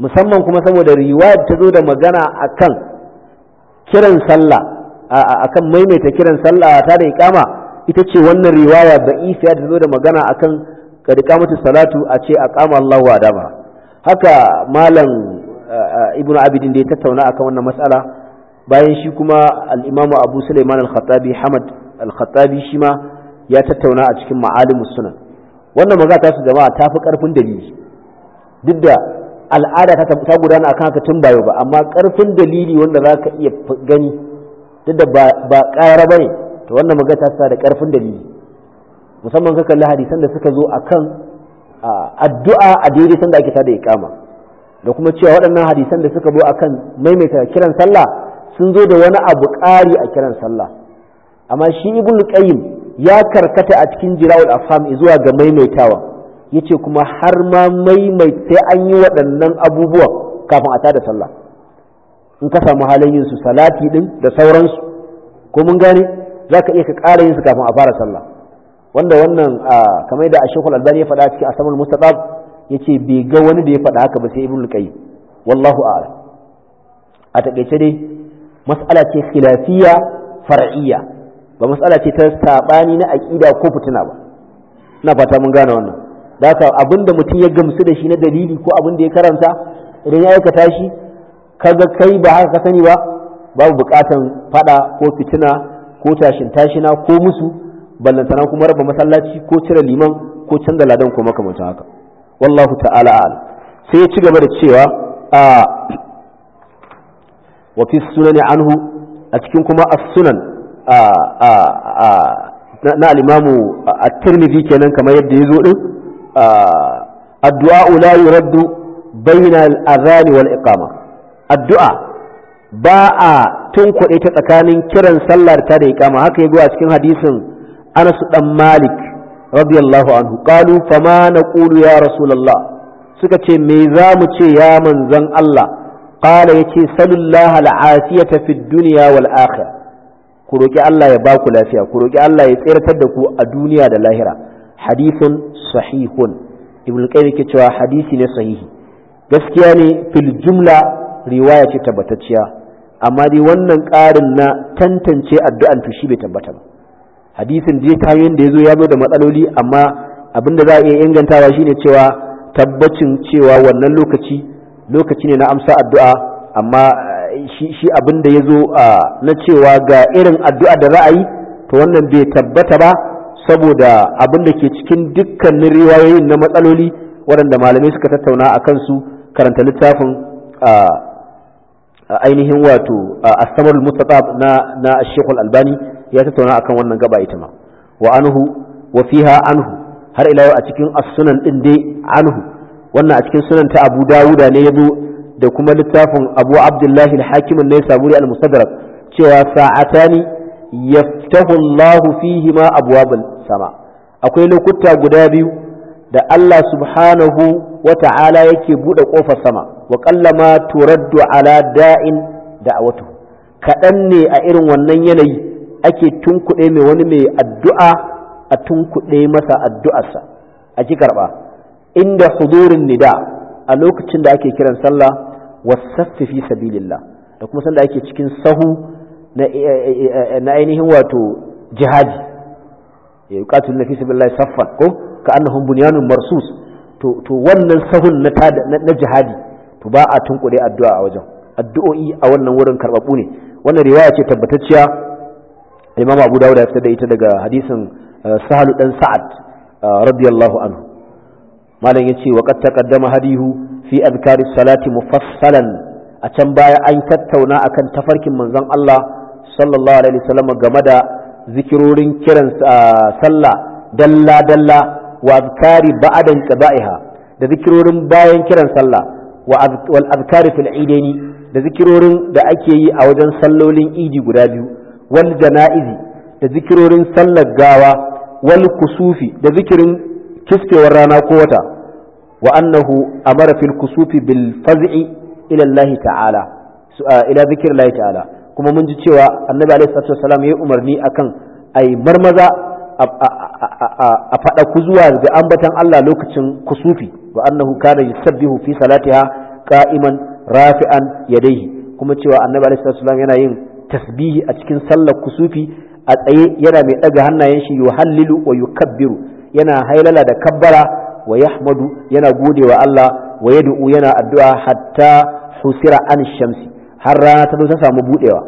musamman kuma saboda riwayat ta zo da magana akan kiran sallah akan maimaita kiran sallah ta da iƙama ita ce wannan riwaya ba isiya da zo da magana akan ka rikamata salatu a ce kama Allah wa adama haka malam ibnu abidin da ya tattauna akan wannan matsala bayan shi kuma al-imamu abu sulaiman al-khattabi hamad al-khattabi shi ma ya tattauna a cikin ma'alimus sunan wannan magana ta su jama'a ta fi karfin dalili duk da al'ada ta gudana akan haka tun bayo ba amma karfin dalili wanda za ka iya gani duk da ba ƙara ba ne to wannan magana ta sa da karfin dalili musamman ka kalli hadisan da suka zo a kan addu'a a daidai sanda ake tada iqama da kuma cewa waɗannan hadisan da suka zo a kan maimaita kiran sallah sun zo da wani abu ƙari a kiran sallah amma shi ibnu qayyim ya karkata a cikin jiraul afham zuwa ga maimaitawa yace kuma har ma maimaita an yi waɗannan abubuwa kafin a tada sallah in ka samu halin yin su salati din da sauransu ko mun gane za ka iya ka ƙara yin su kafin a fara sallah wanda wannan kamar yadda ashekul albani ya faɗa cikin asamul mustaqab yace bai ga wani da ya faɗa haka ba sai ibnu qayyim wallahu a'lam a takeice dai mas'ala ce khilafiyya far'iyya ba mas'ala ce ta sabani na aƙida ko fitina ba ina fata mun gane wannan da haka abinda mutum ya gamsu da shi na dalili ko abin da ya karanta idan ya aikata shi kaga kai ba haka ka sani ba babu bukatan fada ko fitina ko tashin tashina ko musu ballantana kuma raba masallaci ko cire liman ko canza ladan ko makamanta haka wallahu ta'ala al sai ya ci gaba da cewa a wa fi sunani anhu a cikin kuma as-sunan na al-imamu at-tirmidhi kenan kamar yadda yazo din addu'a la yuraddu bayna al-adhan wal iqama addu'a ba a tun kuɗe ta tsakanin kiran sallar ta da iqama haka yago a cikin hadisin anas dan malik radiyallahu anhu qalu fama naqulu ya rasulallah suka ce me za mu ce ya manzon Allah qala yace sallallahu al'afiyata fid dunya wal akhirah ku roki Allah ya baku lafiya ku roki Allah ya tsirtar da ku a duniya da lahira hadithun sahihun ibn qayyim ke cewa hadisi ne sahihi gaskiya ne filjumla riwaya ce tabbatacciya amma dai wannan ƙarin na tantance addu'an to shi bai tabbata ba hadisin je kayan da zo ya zo da matsaloli amma abin da za a iya ingantawa shine cewa tabbacin cewa wannan lokaci lokaci ne na amsa addu'a amma eh, shi abin da ya zo na cewa ga irin addu'a da za a yi to wannan bai tabbata ba saboda abin da ke cikin dukkanin riwayoyin na matsaloli waɗanda malamai suka tattauna a kansu karanta littafin ainihin wato asamar mustatab na shekul albani ya tattauna akan wannan gaba ita ma wa anhu wa fiha anhu har ila a cikin as-sunan din dai anhu wannan a cikin sunan ta Abu Dawuda ne yazo da kuma littafin Abu Abdullahi al-Hakim an al-Mustadrak cewa sa'atani yaftahu Allah fihi ma abwabul sama akwai lokuta guda biyu da Allah subhanahu wa ta'ala yake bude kofar sama wa qallama turaddu ala da'in da'awatu kaɗan ne a irin wannan yanayi ake tunkuɗe mai wani mai addu'a a tunkuɗe masa addu'arsa a ki karɓa inda hudurin nida a lokacin da ake kiran sallah wasaffi fi sabilillah da kuma sanda ake cikin sahu na eh, eh, eh, ainihin wato jihadi ya yuqatil na fi sabilillah saffan ko ka annahum bunyanun marsus to wannan sahun na na jihadi to ba a tunkuɗe addu'a a wajen addu'o'i a wannan wurin karɓaɓɓu ne wannan riwaya ce tabbatacciya imam abu dawud ya fitar da ita daga hadisin eh, sahal dan sa'ad eh, radiyallahu anhu malam yace wa qad taqaddama hadihu fi adhkari salati mufassalan a can baya an tattauna akan tafarkin manzon Allah sallallahu alaihi wasallam game da zikirorin kiran eh, sallah dalla dalla wa adhkari ba'dan qada'iha da zikirorin bayan kiran sallah wal adhkari fil idaini da zikirorin da ake yi a wajen sallolin idi guda biyu wal jana'izi da zikirorin sallar gawa wal kusufi da zikirin kiskewar rana ko wata wa annahu amara fil kusufi bil faz'i ila Allah ta'ala ila zikir Allah ta'ala kuma mun ji cewa annabi alaihi salatu wasalam ya umarni akan ai marmaza a fada kuzuwa ga ambatan Allah lokacin kusufi wa annahu kana yusabbihu fi salatiha qa'iman rafi'an yadayhi kuma cewa annabi alaihi salatu yana yin tasbihi a cikin sallar kusufi a tsaye yana mai ɗaga hannayen shi yuhallilu wa yukabbiru yana hailala da kabbara wa yahmadu yana gode wa Allah wa yad'u yana addu'a hatta husira an shamsi har rana ta zo ta samu budewa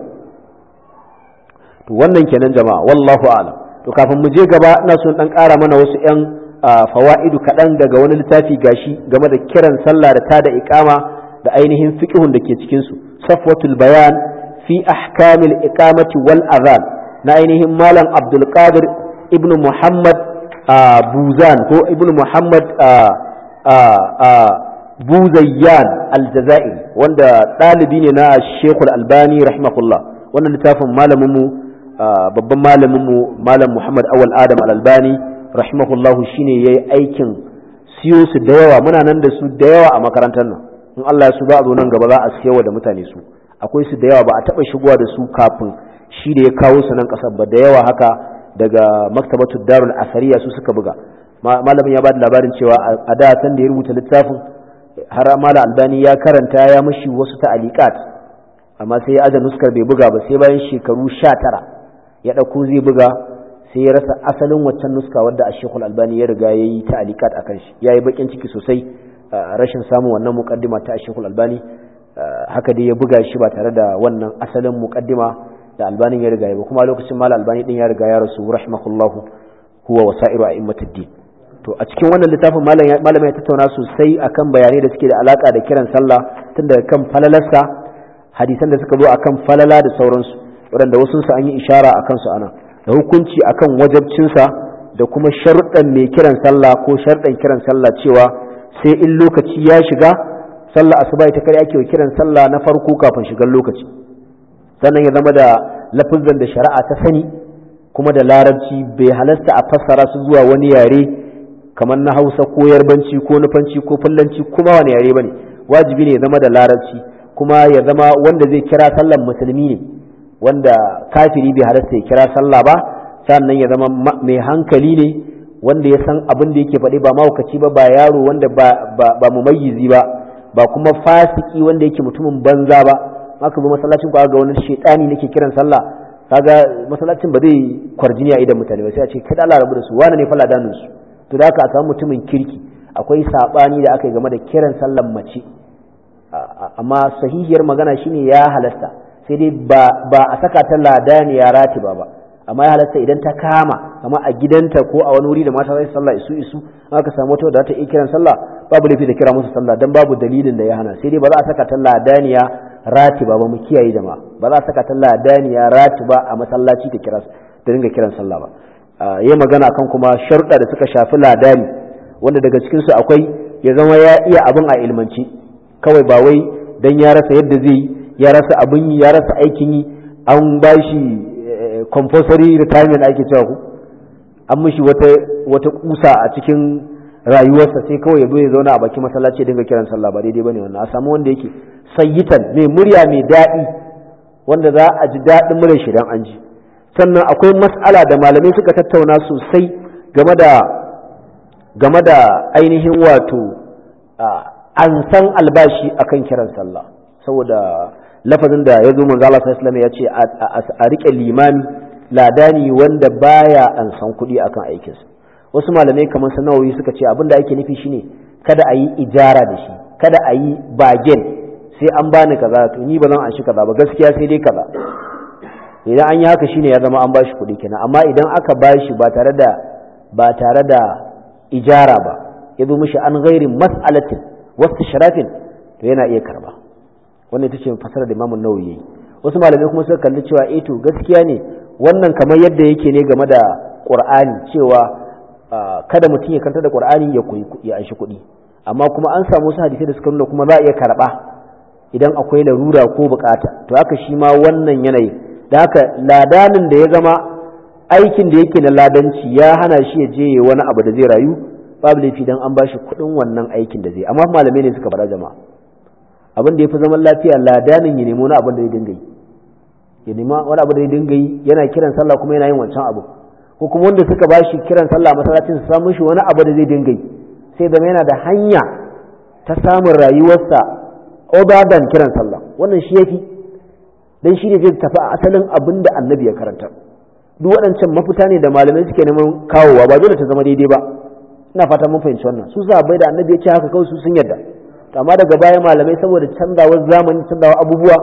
to wannan kenan jama'a wallahu a'lam to kafin mu je gaba ina son dan kara mana wasu ƴan fawa'idu kaɗan daga wani littafi gashi game da kiran sallah da tada iqama da ainihin fiqhun da ke cikin su safwatul bayan fi ahkamil iqamati wal azan na ainihin malam abdul qadir ibnu muhammad ah, buzan ko ibnu muhammad ah, ah, buzayyan aljazairi wanda ɗalibi ne na shekul albani rahimahullah wannan littafin malaminmu babban malaminmu malam muhammad awal adam al-albani rahimahullahu shine yayi aikin siyo su da yawa muna nan da su da yawa a makarantar nan in Allah su ba a zo nan gaba za a siyawa da mutane su akwai su da yawa ba a taɓa shigowa da su kafin shi da ya kawo su nan kasar ba da yawa haka daga maktabatu darul asariya su suka buga malamin ya ba da labarin cewa a da san da ya rubuta littafin har mala albani ya karanta ya mashi wasu ta'aliqat amma sai ya aje nuskar bai buga ba sai bayan shekaru sha tara ya dauko zai buga sai ya rasa asalin waccan nuska wadda a albani ya riga ya yi ta'alikat a shi ya yi baƙin ciki sosai rashin samun wannan muqaddima ta shekul albani haka dai ya buga shi ba tare da wannan asalin muqaddima da albani ya riga ya ba kuma lokacin mal albani din ya riga ya rasu rahimahullahu huwa wasairu a'immatid din to a cikin wannan littafin malama ya tattauna sosai akan bayanai da suke da alaka da kiran sallah tun daga kan falalarsa hadisan da suka zo akan falala da sauransu waɗanda wasu su an yi ishara akan su anan da hukunci akan wajabcinsa da kuma sharuɗan mai kiran sallah ko sharuɗan kiran sallah cewa sai in lokaci ya shiga sallah asuba ita kare ake kiran sallah na farko kafin shigar lokaci sannan ya zama da lafizan da shari'a ta sani kuma da larabci bai halasta a fassara su zuwa wani yare kamar na hausa ko yarbanci ko nufanci ko fullanci kuma wani yare bane wajibi ne ya zama da larabci kuma ya zama wanda zai kira sallar musulmi ne wanda kafiri bai halasta ya kira sallah ba sannan ya zama mai hankali ne wanda ya san abin da yake faɗi ba mahaukaci ba ba yaro wanda ba mumayyizi ba ba kuma fasiki wanda yake mutumin banza ba aka zo masallacin ku ga wani shedani nake kiran sallah kaga masallacin ba zai kwarjini a idan mutane ba sai a ce kada Allah rabu da su wani ne fa ladanin su to da haka samu mutumin kirki akwai sabani da aka yi game da kiran sallan mace amma sahihiyar magana shine ya halasta sai dai ba a saka ta ladaniya ratiba ba amma ya halatta idan ta kama amma a gidanta ko a wani wuri da mata za su sallah isu isu an aka samu wata wadda ta iya kiran sallah babu laifi da kira musu sallah dan babu dalilin da ya hana sai dai ba za a saka ta ladaniya ratiba ba mu kiyaye jama'a ba za a saka ta ladaniya ratiba a masallaci ta kira da ringa kiran sallah ba yayi magana kan kuma sharuɗa da suka shafi ladani wanda daga cikin su akwai ya zama ya iya abin a ilmanci kawai ba wai dan ya rasa yadda zai yi ya rasa abin yi ya rasa aikin yi an bashi compulsory retirement ake cewa ku an mishi wata kusa a cikin rayuwarsa sai kawai ya zo ya zauna a bakin masallaci dinga kiran sallah ba daidai bane wannan a samu wanda yake sayyitan mai murya mai daɗi wanda za a ji daɗin murya shi dan an ji sannan akwai mas'ala da malamai suka tattauna sosai game da game da ainihin wato an san albashi akan kiran sallah saboda lafazin da ya zo manzo Allah sallallahu ya ce a rike limami ladani wanda baya an san kuɗi akan aikin aikinsa wasu malamai kamar sanawoyi suka ce abin da ake nufi shine kada a yi ijara da shi kada a yi bagen sai an bani kaza to ni ba zan an shi kaza ba gaskiya sai dai kaza idan an yi haka shine ya zama an bashi kuɗi kenan amma idan aka bashi ba tare da ba tare da ijara ba ya zo mishi an ghairi mas'alatin wasu sharafin to yana iya karba wannan ita ce fasara da Imam yi wasu malamai kuma suka kalli cewa eh to gaskiya ne wannan kamar yadda yake ne game da Qur'ani cewa kada mutum ya kanta da Qur'ani ya ya aishi kuɗi amma kuma an samu wasu hadisai da suka nuna kuma za a iya karɓa idan akwai larura ko bukata to haka shi ma wannan yanayi da haka ladanin da ya zama aikin da yake na ladanci ya hana shi ya je wani abu da zai rayu babu laifi dan an bashi kuɗin wannan aikin da zai amma malamai ne suka fara jama'a abin da ya fi zaman lafiya ladanin ya nemo wani abin da ya ya nema wani abu da ya dinga yana kiran sallah kuma yana yin wancan abu ko kuma wanda suka ba shi kiran sallah masallacin su samun shi wani abu da zai dinga sai zama yana da hanya ta samun rayuwarsa obadan kiran sallah wannan shi yafi dan shi ne zai tafi a asalin abin da annabi ya karanta duk waɗancan mafita ne da malamai suke neman kawowa ba dole ta zama daidai ba ina fata mun fahimci wannan su bai da annabi ya ce haka kawai su sun yarda amma daga baya malamai saboda canzawa zamani canzawa abubuwa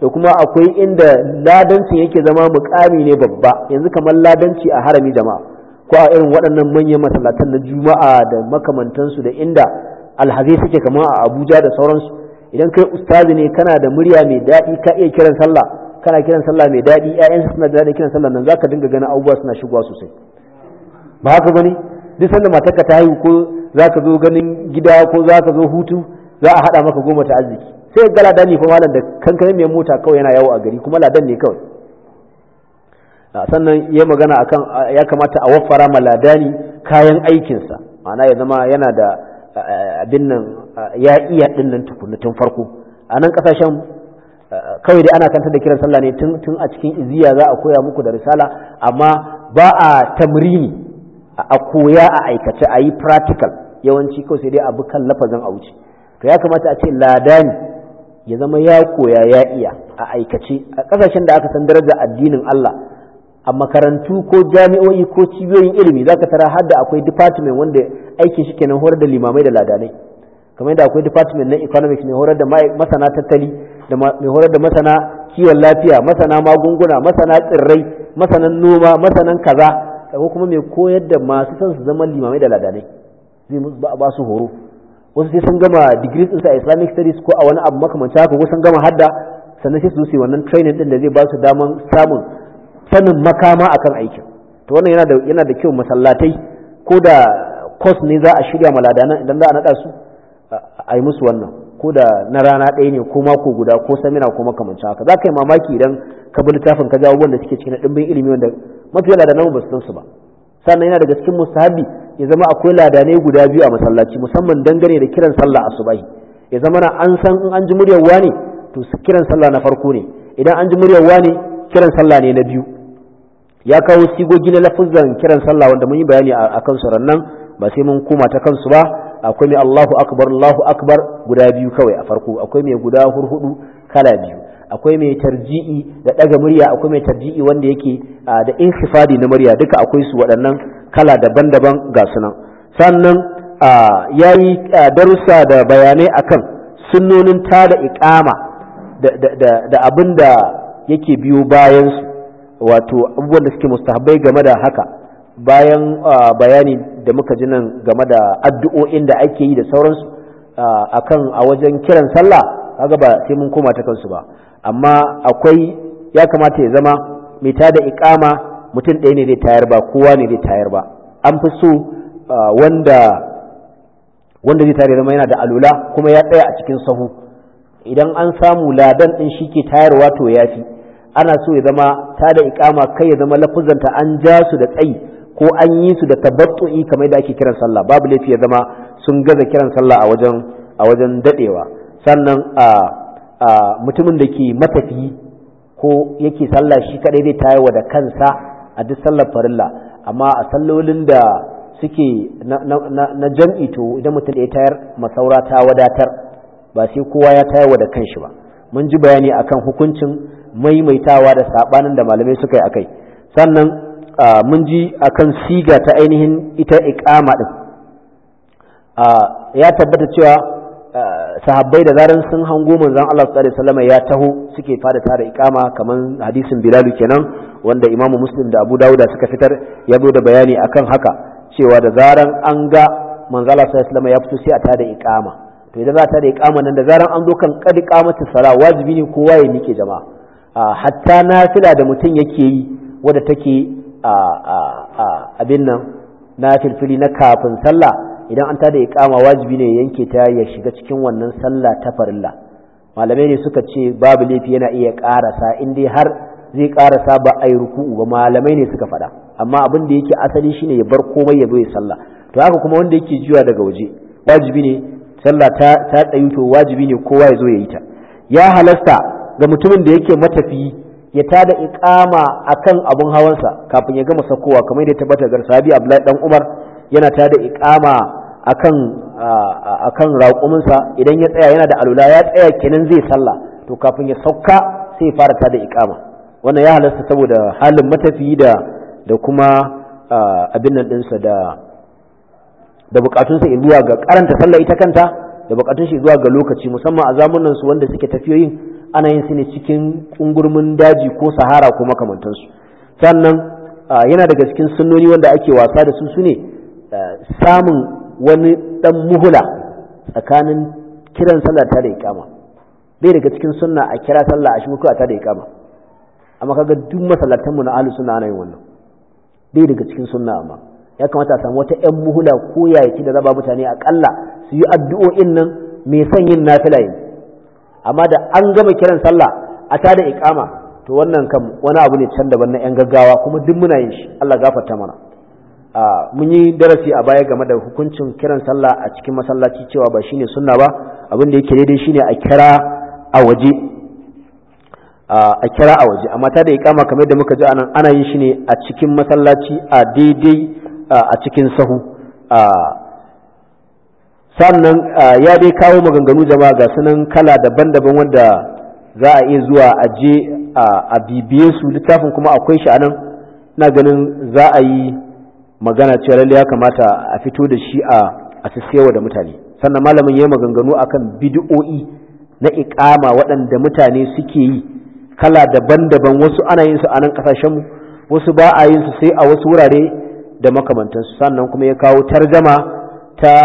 da kuma akwai inda ladanci yake zama mukami ne babba yanzu kamar ladanci a harami jama'a ko a irin waɗannan manyan masallatan na juma'a da makamantansu da inda alhazai suke kamar a abuja da sauransu idan kai ustazi ne kana da murya mai daɗi ka iya kiran sallah kana kiran sallah mai daɗi ƴaƴansu suna da daɗin kiran sallah nan zaka dinga ganin abubuwa suna shigowa sosai ba haka bane duk sanda matarka ta haihu ko zaka zo ganin gida ko zaka zo hutu za a haɗa maka goma ta arziki sai ga ladan ne fa malam da kankanin mai mota kawai yana yawo a gari kuma ladan ne kawai sannan ya magana akan ya kamata a waffara ma ladani kayan aikinsa ma'ana ya zama yana da abin nan ya iya ɗin nan tukunna tun farko a nan ƙasashen kawai dai ana kanta da kiran sallah ne tun a cikin iziya za a koya muku da risala amma ba a tamrini a koya a aikace a yi practical yawanci kawai sai dai abu kan lafazin a wuce to ya kamata a ce ladani ya zama ya koya ya iya a aikace a ƙasashen da aka san daraja addinin Allah a makarantu ko jami'o'i ko cibiyoyin ilimi za ka tara har da akwai department wanda aikin shi kenan horar da limamai da ladanai kamar yadda akwai department na economics mai horar da masana tattali da mai horar da masana kiwon lafiya masana magunguna masana tsirrai masanan noma masanan kaza ko kuma mai koyar da masu son su zama limamai da ladanai zai ba su horo wasu sai sun gama degrees ɗinsu a islamic studies ko a wani abu makamanci haka ko sun gama hadda sannan sai su yi wannan training ɗin da zai ba su daman samun sanin makama akan aikin to wannan yana da yana da kyau masallatai ko da course ne za a shirya maladanan idan za a naɗa su a yi musu wannan ko da na rana ɗaya ne ko mako guda ko samina ko makamanci haka za ka yi mamaki idan ka bi littafin ka jawo wanda suke cikin ɗimbin ilimi wanda mafi yana da nan ba su san su ba sannan yana daga cikin musahabi ya zama akwai ladanai guda biyu a masallaci musamman dangane da kiran sallah asubahi ya zama na an san in an ji muryar wani to kiran sallah na farko ne idan an ji muryar wani kiran sallah ne na biyu ya kawo sigogi na lafuzan kiran sallah wanda mun yi bayani a kan kansu nan ba sai mun koma ta kansu ba akwai mai Allahu akbar Allahu akbar guda biyu kawai a farko akwai mai guda hurhudu kala biyu akwai mai tarji'i da ɗaga murya akwai mai tarji'i wanda yake da infifadi na murya duka akwai su waɗannan kala daban-daban ga sunan sannan ya yi darussa da bayanai akan sunnonin ta da ikama da abin da yake biyo bayansu wato abubuwan da suke mustahabbai game da haka bayan bayani da muka ji nan game da addu'o'in da ake yi da sauransu akan a wajen kiran sallah kaga ba sai mun koma ta kansu ba amma akwai ya kamata ya zama mai tada ikama mutum ɗaya ne zai tayar ba kowa ne zai tayar ba an fi so wanda wanda zai tare zama yana da alula kuma ya tsaya a cikin sahu idan an samu ladan ɗin shi ke tayarwa to ya fi ana so ya zama ta da ikama kai ya zama lafuzanta an ja su da tsayi ko an yi su da tabattu'i kamar da ake kiran sallah babu laifi ya zama sun gaza kiran sallah a wajen a wajen dadewa sannan a mutumin da ke matafi ko yake sallah shi kadai zai tayarwa da kansa a duk sallar farilla amma a sallolin da suke na jam'i to idan mutum ya tayar masaura ta wadatar ba sai kowa ya tayar wa da kanshi ba mun ji bayani akan hukuncin maimaitawa da sabanin da malamai suka yi akai sannan mun ji akan siga ta ainihin ita iqama din ya tabbata cewa sahabbai da zarar sun hango manzon Allah sallallahu alaihi wasallam ya taho suke fara tara ikama kaman hadisin Bilal kenan wanda Imam Muslim da Abu Dawud suka fitar ya zo da bayani akan haka cewa da zaran an ga manzon Allah sallallahu alaihi wasallam ya fito sai a tada ikama to idan za a tada ikama nan da zaran an zo kan kad ikamatu sala wajibi ne kowa ya miƙe jama'a hatta nafila da mutum yake yi wadda take abin nan na filfili na kafin sallah idan an tada iqama wajibi ne yanke ta ya shiga cikin wannan sallah ta farilla malamai ne suka ce babu laifi yana iya karasa in dai har zai karasa ba ai ruku'u ba malamai ne suka faɗa amma abin da yake asali shine ya bar komai ya ya sallah to haka kuma wanda yake jiwa daga waje wajibi ne sallah ta ta tsayu to wajibi ne kowa ya zo ya yi ta ya halasta ga mutumin da yake matafi ya tada iqama akan abun hawansa kafin ya gama sakowa kamar da ya tabbata ga sahabi Abdullahi dan Umar yana tada iqama akan akan raƙuminsa idan ya tsaya yana da alula ya tsaya kenan zai sallah to kafin ya sauka sai ya fara tada iqama wannan ya halasta saboda halin matafiyi da da kuma abin nan ɗinsa da da bukatunsa zuwa ga karanta sallah ita kanta da bukatun shi zuwa ga lokaci musamman a zamanin su wanda suke tafiyoyin ana yin su ne cikin kungurmin daji ko sahara ko makamantansu sannan yana daga cikin sunnoni wanda ake wasa da su sune ne samun wani dan muhula tsakanin kiran sallah ta da iqama bai daga cikin sunna a kira sallah a shi muku ta da iqama amma kaga duk masallatan mu na ahlus sunna ana yin wannan bai daga cikin sunna amma ya kamata a samu wata yan muhula ko yayaki da zaba mutane akalla su yi addu'o'in nan mai son yin nafila yi amma da an gama kiran sallah a ta da iqama to wannan kam wani abu ne can daban na yan gaggawa kuma duk muna yin shi Allah gafarta mana mun yi darasi a baya game da hukuncin kiran sallah a cikin masallaci cewa ba shine sunna ba abin da yake daidai shine a kira a waje a kira a waje amma ta da iqama kamar da muka ji anan ana yin shi ne a cikin masallaci a daidai a cikin sahu sannan ya dai kawo maganganu jama'a ga sunan kala daban-daban wanda za a iya zuwa a je a bibiye su littafin kuma akwai shi anan na ganin za a yi magana cewa lalle ya kamata a fito da shi a a da mutane sannan malamin ya yi maganganu akan bid'o'i na iƙama waɗanda mutane suke yi kala daban-daban wasu ana yin su a nan ƙasashenmu wasu ba a yin su sai a wasu wurare da makamantansu sannan kuma ya kawo tarjama ta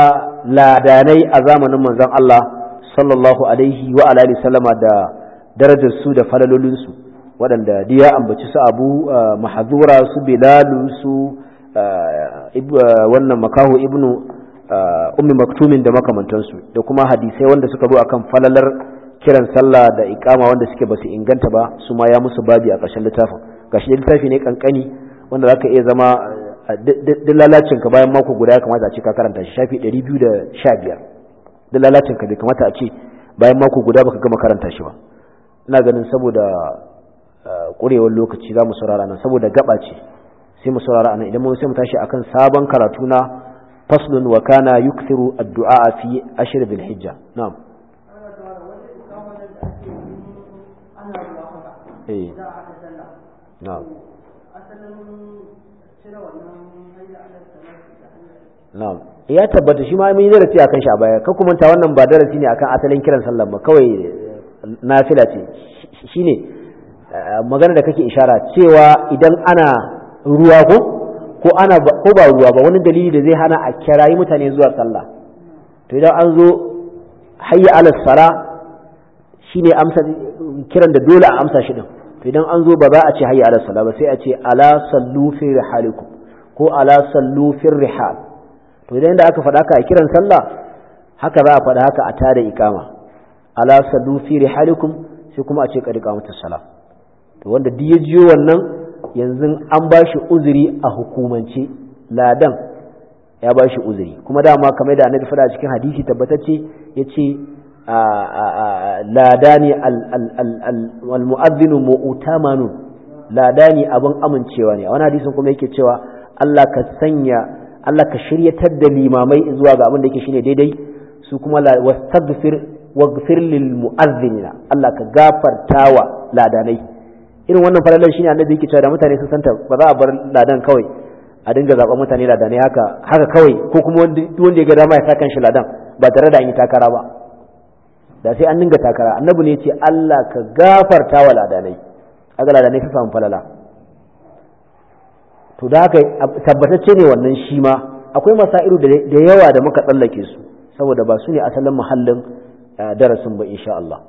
ladanai a zamanin manzon Allah sallallahu alaihi wa alihi sallama da darajar su da falalolinsu waɗanda diya ambaci su abu eh, mahazura su bilalu su wannan makahu ibnu ummi maktumin da makamantansu da kuma hadisai wanda suka zo akan falalar kiran sallah da iqama wanda suke ba su inganta ba su ma ya musu babi a ƙarshen littafin gashi littafi ne kankani wanda zaka iya zama duk lalacin ka bayan mako guda ya kamata a ce ka karanta shi shafi 215 duk lalacin ka bai kamata a ce bayan mako guda baka gama karanta shi ba ina ganin saboda kurewar lokaci za mu saurara nan saboda gaba ce sai mu saurara anan idan mun sai mu tashi akan sabon karatu na faslun wa kana yukthiru addu'a fi ashr bil hijja na'am eh. Eh, ya tabbata shi ma mun yi darasi akan shi a baya ka kuma ta wannan ba darasi ne akan asalin kiran sallah ba kawai eh, nafila ce shine magana da kake ishara cewa idan ana ruwa ko ko ana ko ba ruwa ba wani dalili da zai hana a kirayi mutane zuwa sallah to idan an zo hayya ala sala shine amsa kiran da dole a amsa shi din to idan an zo ba za a ce hayya ala sala ba sai a ce ala sallu fi rihalikum ko ala sallu fi rihal to idan da aka faɗa ka a kiran sallah haka za a faɗa haka a tare ikama ala sallu fi rihalikum sai kuma a ce kad iqamatus sala to wanda duk ya jiyo wannan yanzu an ba shi uzuri a hukumance ladan ya ba shi uzuri kuma dama kamar da na faɗa cikin hadisi tabbatacce yace ladani al mu'adhdhinu Lada ladani abin amincewa ne a wani hadisin kuma yake cewa Allah ka sanya Allah ka shiryatar da limamai zuwa ga abin da yake shine daidai su kuma wastaghfir waghfir lil mu'adhdhinina Allah ka gafartawa ladanai irin wannan falalar shine annabi yake cewa da mutane sun santa ba za a bar ladan kawai a dinga zaɓar mutane ladanai haka haka kawai ko kuma wanda ya ga dama ya sa shi ladan ba tare da an yi takara ba da sai an dinga takara annabi ne ce Allah ka gafarta wa ladanai aga ladanai su samu falala to da haka tabbatacce ne wannan shi ma akwai masairu da yawa da muka tsallake su saboda ba su ne asalin muhallin eh, darasin ba insha Allah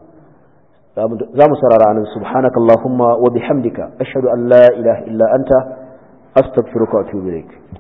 za mu sarara anan subhanakallahumma wa bihamdika ashhadu an la ilaha illa anta astaghfiruka wa atubu